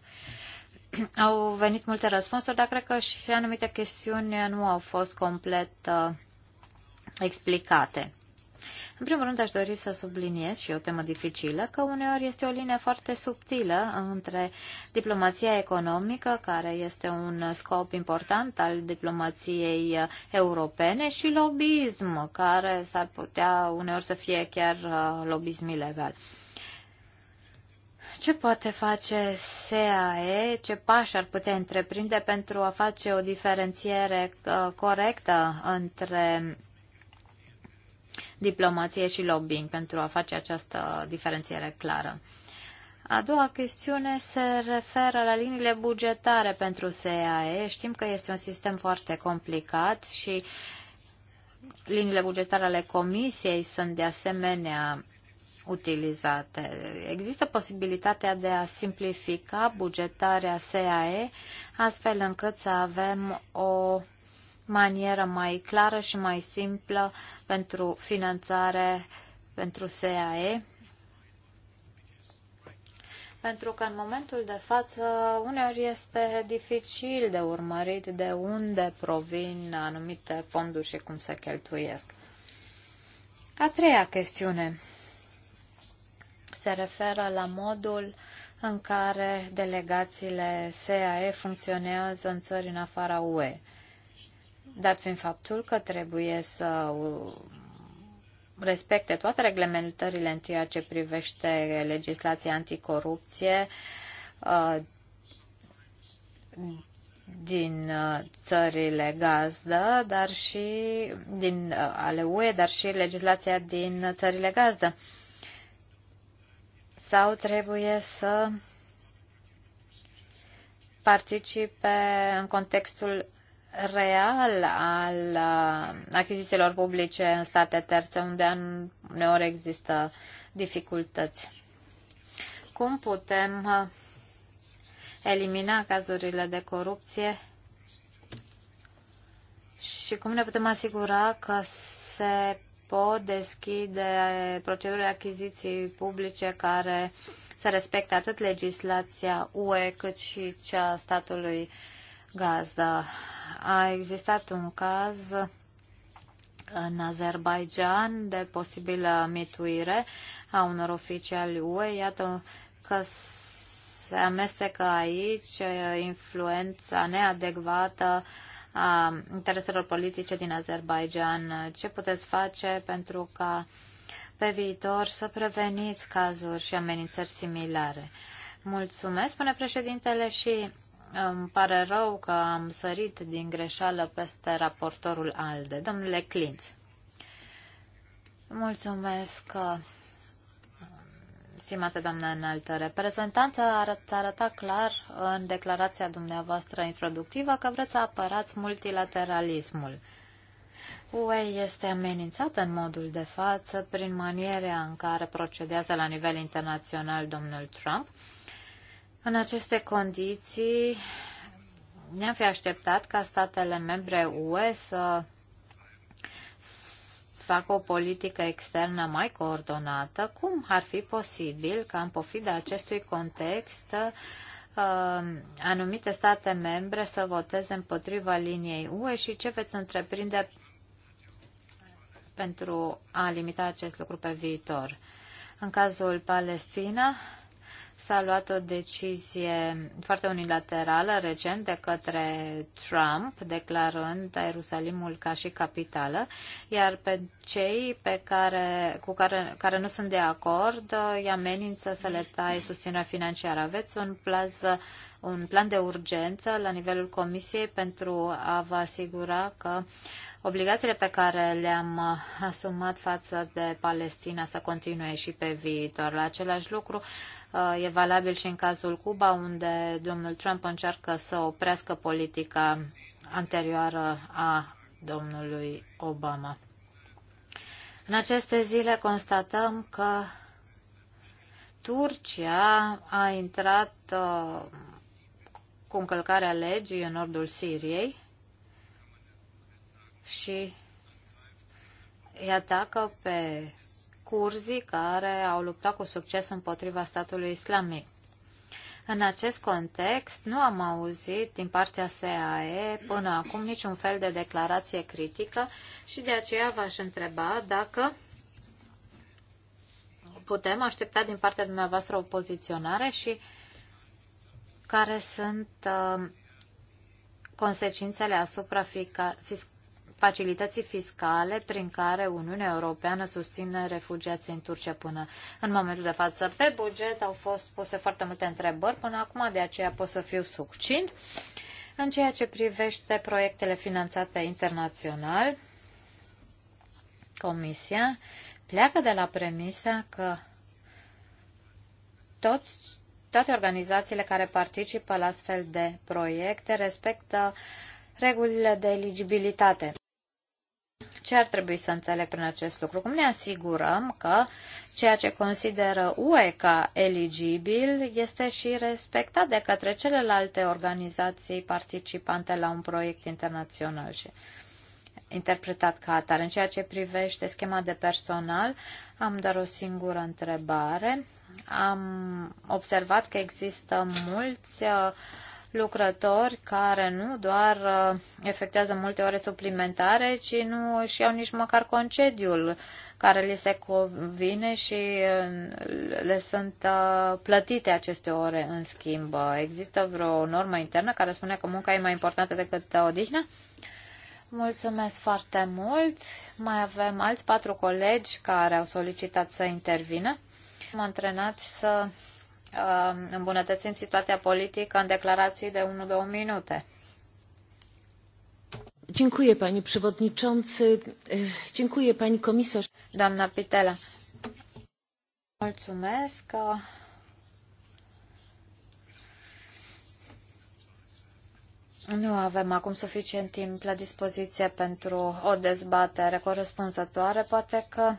Speaker 2: au venit multe răspunsuri, dar cred că și anumite chestiuni nu au fost complet uh, explicate. În primul rând, aș dori să subliniez și o temă dificilă, că uneori este o linie foarte subtilă între diplomația economică, care este un scop important al diplomației uh, europene, și lobbyism, care s-ar putea uneori să fie chiar uh, lobbyism ilegal. Uh, ce poate face SAE, ce pași ar putea întreprinde pentru a face o diferențiere uh, corectă între diplomație și lobbying, pentru a face această diferențiere clară? A doua chestiune se referă la liniile bugetare pentru SAE. Știm că este un sistem foarte complicat și liniile bugetare ale Comisiei sunt de asemenea utilizate. Există posibilitatea de a simplifica bugetarea SAE astfel încât să avem o manieră mai clară și mai simplă pentru finanțare pentru SAE pentru că în momentul de față uneori este dificil de urmărit de unde provin anumite fonduri și cum se cheltuiesc. A treia chestiune se referă la modul în care delegațiile SAE funcționează în țări în afara UE. Dat fiind faptul că trebuie să respecte toate reglementările în ceea ce privește legislația anticorupție din uh, țările gazdă, dar și din uh, ale UE, dar și legislația din țările gazdă sau trebuie să participe în contextul real al uh, achizițiilor publice în state terțe, unde uneori există dificultăți. Cum putem uh, elimina cazurile de corupție și cum ne putem asigura că se pot deschide proceduri de achiziții publice care să respecte atât legislația UE cât și cea statului gazdă. A existat un caz în Azerbaijan de posibilă mituire a unor oficiali UE. Iată că se amestecă aici influența neadecvată a intereselor politice din Azerbaijan. Ce puteți face pentru ca pe viitor să preveniți cazuri și amenințări similare? Mulțumesc, spune președintele, și îmi pare rău că am sărit din greșeală peste raportorul ALDE, domnule Clint. Mulțumesc stimată doamnă înaltă reprezentantă, ați arătat clar în declarația dumneavoastră introductivă că vreți să apărați multilateralismul. UE este amenințată în modul de față prin maniera în care procedează la nivel internațional domnul Trump. În aceste condiții ne-am fi așteptat ca statele membre UE să facă o politică externă mai coordonată, cum ar fi posibil ca în pofida acestui context uh, anumite state membre să voteze împotriva liniei UE și ce veți întreprinde pentru a limita acest lucru pe viitor. În cazul Palestina, S-a luat o decizie foarte unilaterală recent de către Trump, declarând Ierusalimul ca și capitală, iar pe cei pe care, cu care, care nu sunt de acord îi amenință să le tai susținerea financiară. Aveți un, plaz, un plan de urgență la nivelul Comisiei pentru a vă asigura că obligațiile pe care le-am asumat față de Palestina să continue și pe viitor. La același lucru, E valabil și în cazul Cuba, unde domnul Trump încearcă să oprească politica anterioară a domnului Obama. În aceste zile constatăm că Turcia a intrat uh, cu încălcarea legii în nordul Siriei și îi atacă pe curzii care au luptat cu succes împotriva statului islamic. În acest context, nu am auzit din partea SAE până acum niciun fel de declarație critică și de aceea v-aș întreba dacă putem aștepta din partea dumneavoastră o poziționare și care sunt uh, consecințele asupra fiscalității facilității fiscale prin care Uniunea Europeană susține refugiații în Turcia până în momentul de față. Pe buget au fost puse foarte multe întrebări până acum, de aceea pot să fiu succint. În ceea ce privește proiectele finanțate internațional, Comisia pleacă de la premisa că toți, toate organizațiile care participă la astfel de proiecte respectă regulile de eligibilitate. Ce ar trebui să înțeleg prin acest lucru? Cum ne asigurăm că ceea ce consideră UE ca eligibil este și respectat de către celelalte organizații participante la un proiect internațional și interpretat ca atare. În ceea ce privește schema de personal, am doar o singură întrebare. Am observat că există mulți uh, lucrători care nu doar uh, efectuează multe ore suplimentare, ci nu își iau nici măcar concediul care li se convine și uh, le sunt uh, plătite aceste ore în schimb. Există vreo normă internă care spune că munca e mai importantă decât odihna? Mulțumesc foarte mult. Mai avem alți patru colegi care au solicitat să intervină. M-am antrenat să Um, îmbunătățim situația politică în declarații de 1-2 minute. Dziękuję pani przewodniczący. Dziękuję pani komisarz. Doamna Pitela. Mulțumesc. Nu avem acum suficient timp la dispoziție pentru o dezbatere corespunzătoare. Poate că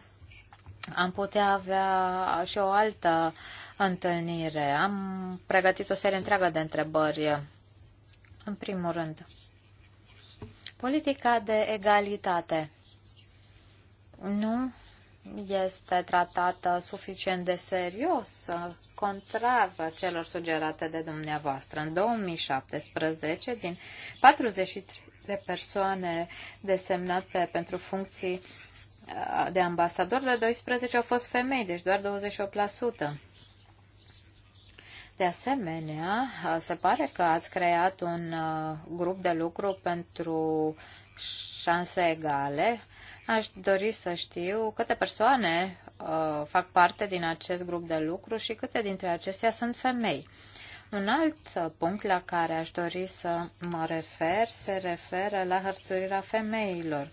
Speaker 2: am putea avea și o altă întâlnire. Am pregătit o serie întreagă de întrebări. În primul rând, politica de egalitate nu este tratată suficient de serios, contrar celor sugerate de dumneavoastră. În 2017, din 43 de persoane desemnate pentru funcții Uh, de ambasador, de 12 au fost femei, deci doar 28%. De asemenea, uh, se pare că ați creat un uh, grup de lucru pentru șanse egale. Aș dori să știu câte persoane fac parte din acest grup de lucru și câte dintre acestea sunt femei. Un alt punct la care aș dori să mă refer se referă la hărțuirea femeilor.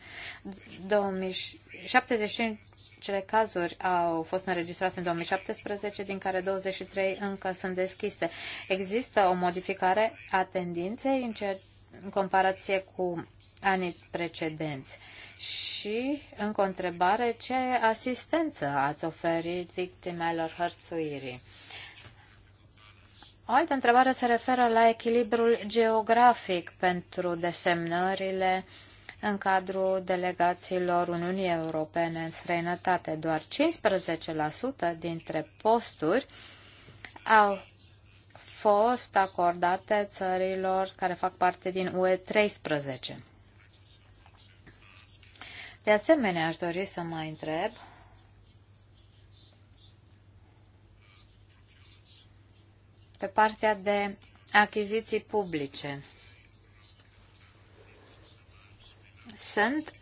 Speaker 2: 75 cele cazuri au fost înregistrate în 2017, din care 23 încă sunt deschise. Există o modificare a tendinței în ceea în comparație cu anii precedenți. Și, în întrebare, ce asistență ați oferit victimelor hărțuirii? O altă întrebare se referă la echilibrul geografic pentru desemnările în cadrul delegațiilor Uniunii Europene în străinătate. Doar 15% dintre posturi au fost acordate țărilor care fac parte din UE 13. De asemenea, aș dori să mai întreb pe partea de achiziții publice. Sunt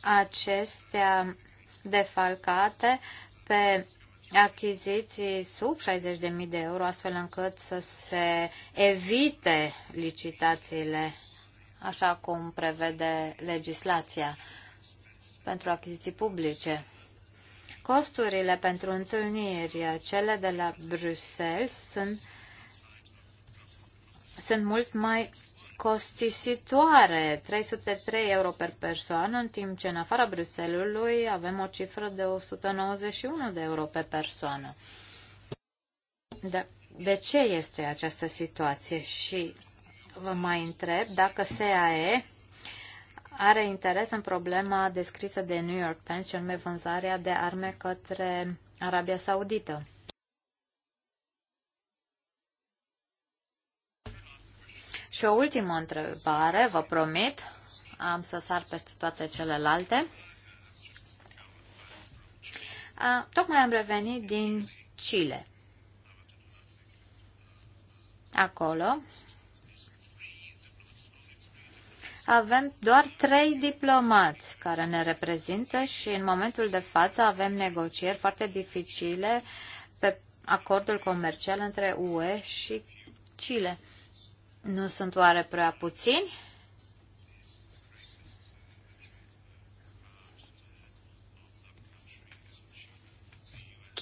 Speaker 2: acestea defalcate pe achiziții sub 60.000 de euro, astfel încât să se evite licitațiile, așa cum prevede legislația pentru achiziții publice. Costurile pentru întâlniri, cele de la Bruxelles, sunt, sunt mult mai costisitoare, 303 euro per persoană, în timp ce în afara Bruselului avem o cifră de 191 de euro pe persoană. De, da, de ce este această situație? Și vă mai întreb dacă SAE are interes în problema descrisă de New York Times, și anume vânzarea de arme către Arabia Saudită. Și o ultimă întrebare, vă promit, am să sar peste toate celelalte. A, tocmai am revenit din Chile. Acolo avem doar trei diplomați care ne reprezintă și în momentul de față avem negocieri foarte dificile pe acordul comercial între UE și Chile. Nu sunt oare prea puțini?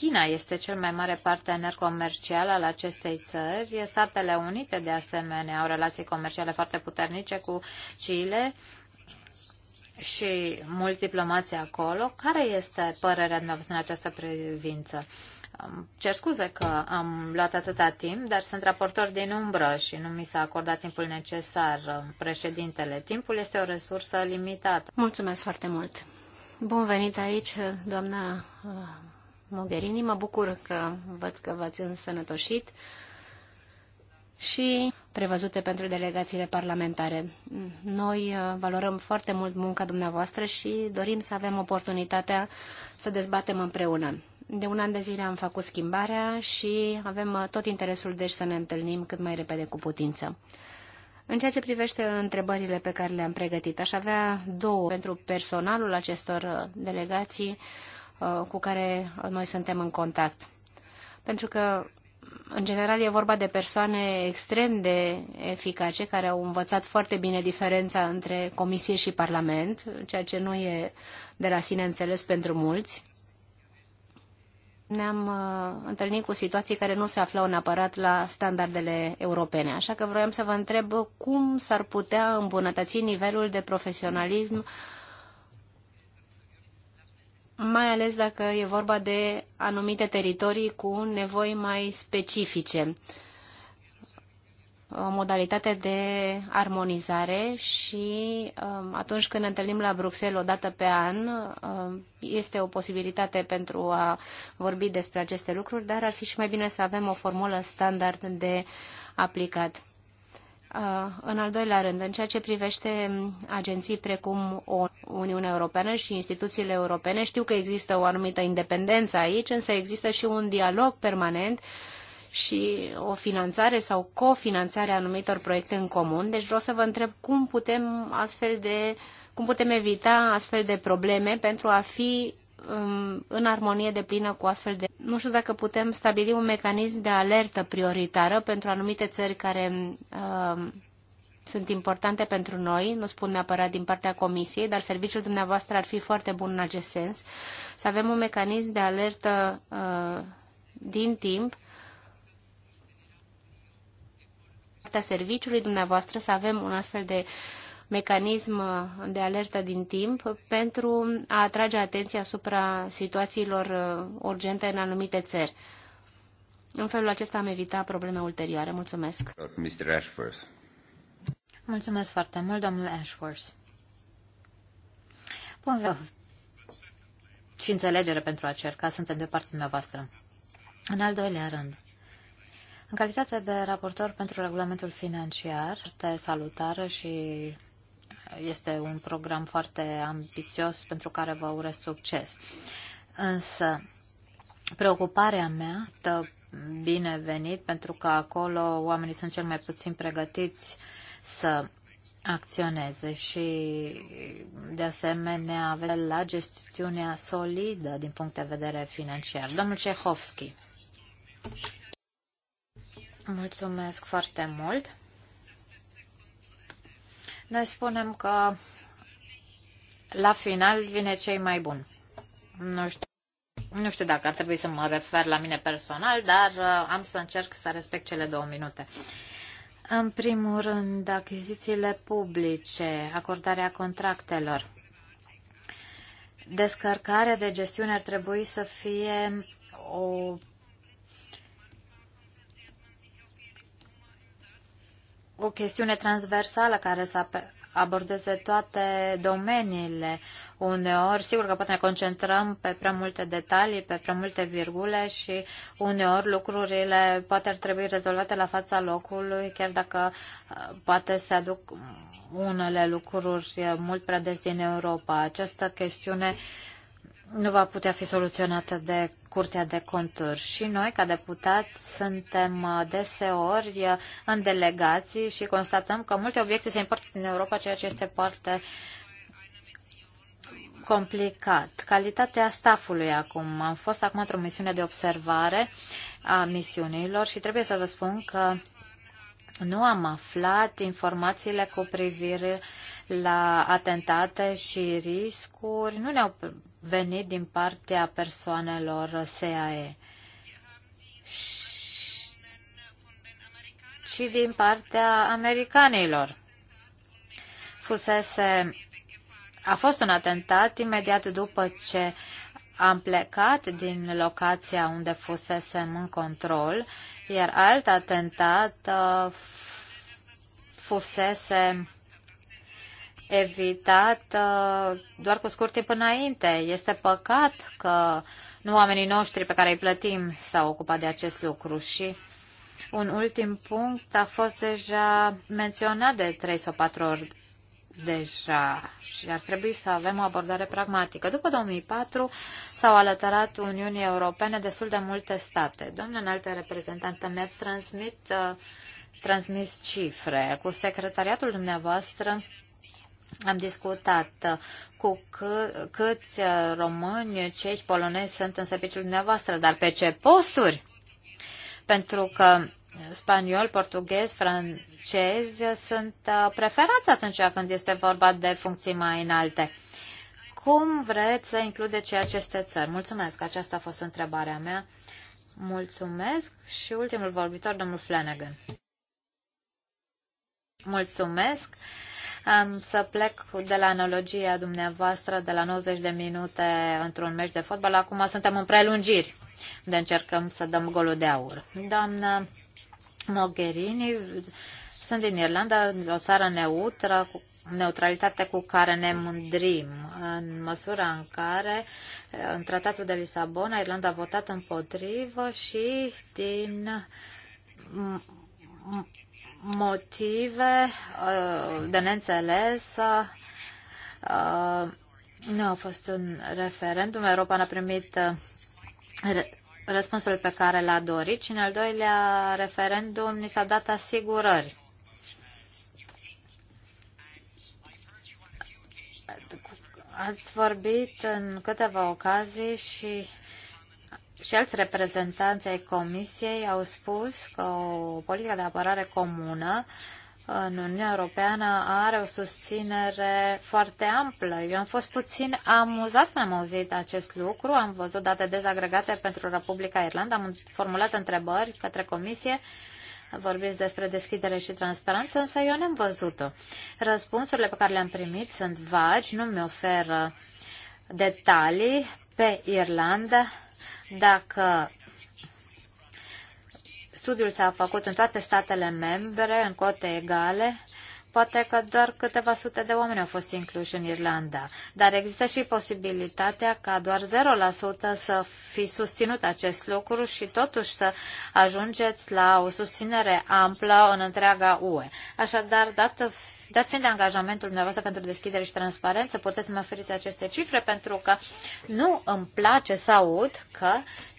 Speaker 2: China este cel mai mare partener comercial al acestei țări. Statele Unite, de asemenea, au relații comerciale foarte puternice cu Chile și mulți diplomații acolo. Care este părerea dumneavoastră în această privință? Cer scuze că am luat atâta timp, dar sunt raportor din umbră și nu mi s-a acordat timpul necesar. Președintele,
Speaker 3: timpul este o resursă limitată. Mulțumesc foarte mult. Bun venit aici, doamna uh, Mogherini. Mă bucur că văd că v-ați însănătoșit și prevăzute pentru delegațiile parlamentare. Noi uh, valorăm foarte mult munca dumneavoastră și dorim să avem oportunitatea să dezbatem împreună. De un an de zile am făcut schimbarea și avem uh, tot interesul deci să ne întâlnim cât mai repede cu putință. În ceea ce privește întrebările pe care le-am pregătit, aș avea două pentru personalul acestor uh, delegații, Uh, cu care noi suntem în contact. Pentru că, în general, e vorba de persoane extrem de eficace, care au învățat foarte bine diferența între Comisie și Parlament, ceea ce nu e de la sine înțeles pentru mulți ne-am uh, întâlnit cu situații care nu se aflau neapărat la standardele europene. Așa că vroiam să vă întreb cum s-ar putea îmbunătăți nivelul de profesionalism mai ales dacă e vorba de anumite teritorii cu nevoi mai specifice. O modalitate de armonizare și um, atunci când ne întâlnim la Bruxelles o dată pe an, um, este o posibilitate pentru a vorbi despre aceste lucruri, dar ar fi și mai bine să avem o formulă standard de aplicat. Uh, în al doilea rând, în ceea ce privește agenții precum Uniunea Europeană și instituțiile europene, știu că există o anumită independență aici, însă există și un dialog permanent și o finanțare sau cofinanțare a anumitor proiecte în comun. Deci vreau să vă întreb cum putem astfel de cum putem evita astfel de probleme pentru a fi Um, în armonie de plină cu astfel de... Nu știu dacă putem stabili un mecanism de alertă prioritară pentru anumite țări care uh, sunt importante pentru noi, nu spun neapărat din partea Comisiei, dar serviciul dumneavoastră ar fi foarte bun în acest sens, să avem un mecanism de alertă uh, din timp partea serviciului dumneavoastră să avem un astfel de uh, mecanism de alertă din timp pentru a atrage atenția asupra situațiilor uh, urgente în anumite țări. În felul acesta am evitat probleme ulterioare. Mulțumesc.
Speaker 1: Mr. Ashworth.
Speaker 3: Mulțumesc foarte mult, domnule
Speaker 2: Ashworth. Bun, și înțelegere pentru a cerca, suntem de partea dumneavoastră. În al doilea rând, în calitate de raportor pentru regulamentul financiar, te salutară și este un program foarte ambițios pentru care vă urez succes. Însă, preocuparea mea, binevenit, pentru că acolo oamenii sunt cel mai puțin pregătiți să acționeze și de asemenea avem la gestiunea solidă din punct de vedere financiar. Domnul Cehovski. Mulțumesc foarte mult. Noi spunem că la final vine cei mai buni. Nu știu, nu știu dacă ar trebui să mă refer la mine personal, dar uh, am să încerc să respect cele două minute. În primul rând, achizițiile publice, acordarea contractelor. Descărcarea de gestiune ar trebui să fie o o chestiune transversală care să abordeze toate domeniile. Uneori, sigur că poate ne concentrăm pe prea multe detalii, pe prea multe virgule și uneori lucrurile poate ar trebui rezolvate la fața locului, chiar dacă uh, poate se aduc unele lucruri mult prea des din Europa. Această chestiune nu va putea fi soluționată de Curtea de Conturi. Și noi, ca deputați, suntem uh, deseori uh, în delegații și constatăm că multe obiecte se importă din Europa, ceea ce este foarte complicat. Calitatea stafului acum. Am fost acum într-o misiune de observare a misiunilor și trebuie să vă spun că nu am aflat informațiile cu privire la atentate și riscuri. Nu ne-au venit din partea persoanelor SAE și din partea americanilor. Fusese, a fost un atentat imediat după ce am plecat din locația unde fusesem în control, iar alt atentat uh, fusese evitat uh, doar cu scurt timp înainte. Este păcat că nu oamenii noștri pe care îi plătim s-au ocupat de acest lucru și un ultim punct a fost deja menționat de trei sau patru ori deja și ar trebui să avem o abordare pragmatică. După 2004 s-au alătărat Uniunii Europene destul de multe state. Domnul înaltă reprezentantă, mi-ați transmit, uh, transmis cifre. Cu secretariatul dumneavoastră am discutat cu câ- câți uh, români, cehi, polonezi sunt în serviciul dumneavoastră, dar pe ce posturi? Pentru că spaniol, portughez, francez sunt uh, preferați atunci când este vorba de funcții mai înalte. Cum vreți să includeți aceste țări? Mulțumesc, aceasta a fost întrebarea mea. Mulțumesc și ultimul vorbitor, domnul Flanagan. Mulțumesc. Am să plec de la analogia dumneavoastră de la 90 de minute într-un meci de fotbal. Acum suntem în prelungiri, de încercăm să dăm golul de aur. Doamnă Mogherini, sunt din Irlanda, o țară neutră, cu neutralitate cu care ne mândrim, în măsura în care în tratatul de Lisabona Irlanda a votat împotrivă și din motive uh, de neînțeles uh, nu a fost un referendum. Europa n-a primit uh, răspunsul pe care l-a dorit și în al doilea referendum ni s-au dat asigurări. Ați vorbit în câteva ocazii și și alți reprezentanți ai Comisiei au spus că o politică de apărare comună în Uniunea Europeană are o susținere foarte amplă. Eu am fost puțin amuzat când am auzit acest lucru, am văzut date dezagregate pentru Republica Irlanda, am formulat întrebări către Comisie, vorbiți despre deschidere și transparență, însă eu n-am văzut-o. Răspunsurile pe care le-am primit sunt vagi, nu mi oferă detalii pe Irlanda, dacă studiul s-a făcut în toate statele membre, în cote egale, poate că doar câteva sute de oameni au fost incluși în Irlanda. Dar există și posibilitatea ca doar 0% să fi susținut acest lucru și totuși să ajungeți la o susținere amplă în întreaga UE. Așadar, dată Dat fiind angajamentul dumneavoastră pentru deschidere și transparență, puteți să-mi oferiți aceste cifre pentru că nu îmi place să aud că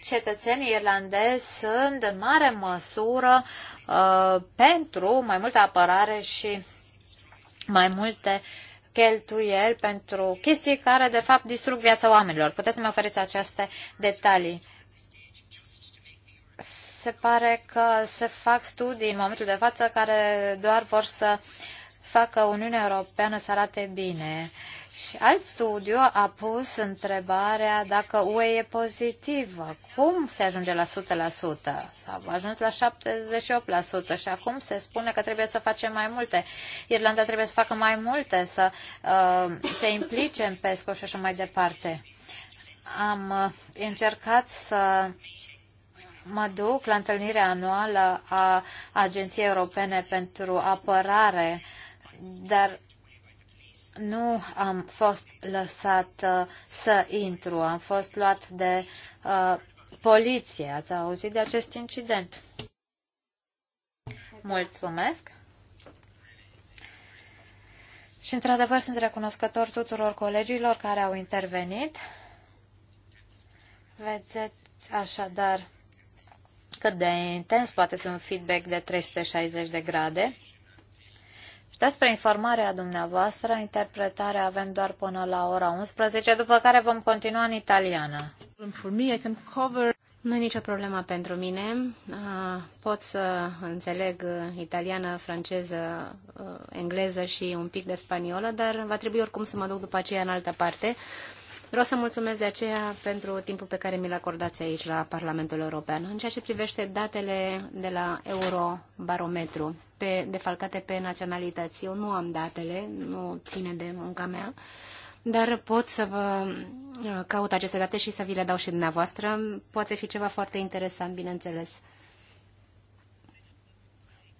Speaker 2: cetățenii irlandezi sunt în mare măsură uh, pentru mai multă apărare și mai multe cheltuieli pentru chestii care, de fapt, distrug viața oamenilor. Puteți să-mi oferiți aceste detalii se pare că se fac studii în momentul de față care doar vor să facă Uniunea Europeană să arate bine. Și alt studiu a pus întrebarea dacă UE e pozitivă. Cum se ajunge la 100%? S-a ajuns la 78% și acum se spune că trebuie să facem mai multe. Irlanda trebuie să facă mai multe, să uh, se implice în PESCO și așa mai departe. Am uh, încercat să mă duc la întâlnirea anuală a Agenției Europene pentru Apărare uh, dar nu am fost lăsat uh, să intru, am fost luat de uh, poliție. Ați auzit de acest incident? Mulțumesc! Și într-adevăr sunt recunoscător tuturor colegilor care au intervenit. Vedeți așadar cât de intens poate fi un feedback de 360 de grade. Despre informarea dumneavoastră, interpretarea avem doar până la ora 11, după care vom continua în italiană.
Speaker 3: Nu e nicio problemă pentru mine. Pot să înțeleg uh, italiană, franceză, uh, engleză și un pic de spaniolă, dar va trebui oricum să mă duc după aceea în altă parte. Vreau să mulțumesc de aceea pentru timpul pe care mi-l acordați aici la Parlamentul European. În ceea ce privește datele de la Eurobarometru, pe, defalcate pe naționalități, eu nu am datele, nu ține de munca mea, dar pot să vă uh, caut aceste date și să vi le dau și dumneavoastră. Poate fi ceva foarte interesant, bineînțeles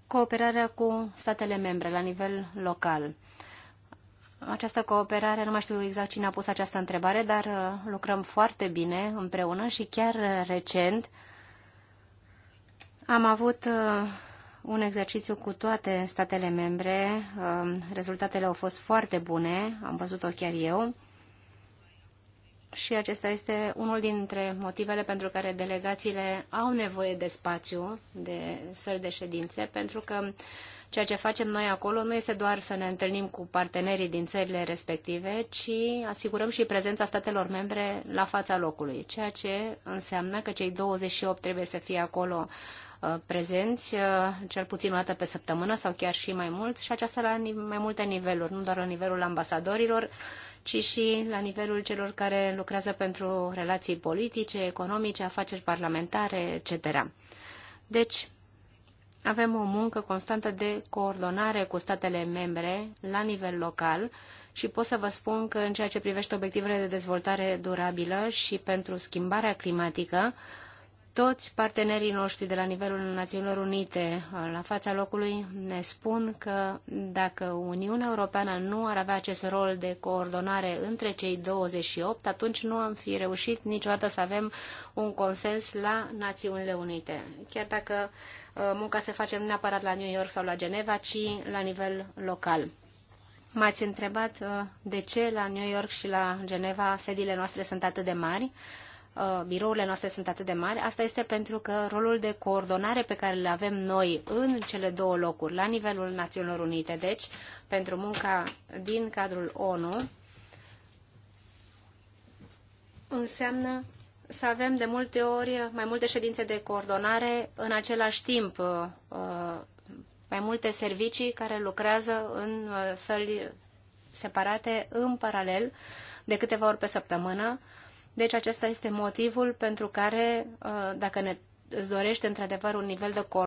Speaker 3: cooperarea cu statele membre la nivel local. Această cooperare, nu mai știu exact cine a pus această întrebare, dar uh, lucrăm foarte bine împreună și chiar recent am avut uh, un exercițiu cu toate statele membre. Um, rezultatele au fost foarte bune, am văzut-o chiar eu. Și acesta este unul dintre motivele pentru care delegațiile au nevoie de spațiu, de săli de ședințe, pentru că uh, Ceea ce facem noi acolo nu este doar să ne întâlnim cu partenerii din țările respective, ci asigurăm și prezența statelor membre la fața locului, ceea ce înseamnă că cei 28 trebuie să fie acolo uh, prezenți, uh, cel puțin o dată pe săptămână sau chiar și mai mult, și aceasta la mai multe niveluri, nu doar la nivelul ambasadorilor, ci și la nivelul celor care lucrează pentru relații politice, economice, afaceri parlamentare, etc. Deci, avem o muncă constantă de coordonare cu statele membre la nivel local și pot să vă spun că în ceea ce privește obiectivele de dezvoltare durabilă și pentru schimbarea climatică, toți partenerii noștri de la nivelul Națiunilor Unite la fața locului ne spun că dacă Uniunea Europeană nu ar avea acest rol de coordonare între cei 28, atunci nu am fi reușit niciodată să avem un consens la Națiunile Unite. Chiar dacă Uh, munca se face nu neapărat la New York sau la Geneva, ci la nivel local. M-ați întrebat uh, de ce la New York și la Geneva sediile noastre sunt atât de mari, uh, birourile noastre sunt atât de mari. Asta este pentru că rolul de coordonare pe care le avem noi în cele două locuri, la nivelul Națiunilor Unite, deci pentru munca din cadrul ONU, înseamnă să avem de multe ori mai multe ședințe de coordonare în același timp, uh, mai multe servicii care lucrează în uh, săli separate în paralel de câteva ori pe săptămână. Deci acesta este motivul pentru care, uh, dacă ne îți dorește într-adevăr un nivel de coordonare,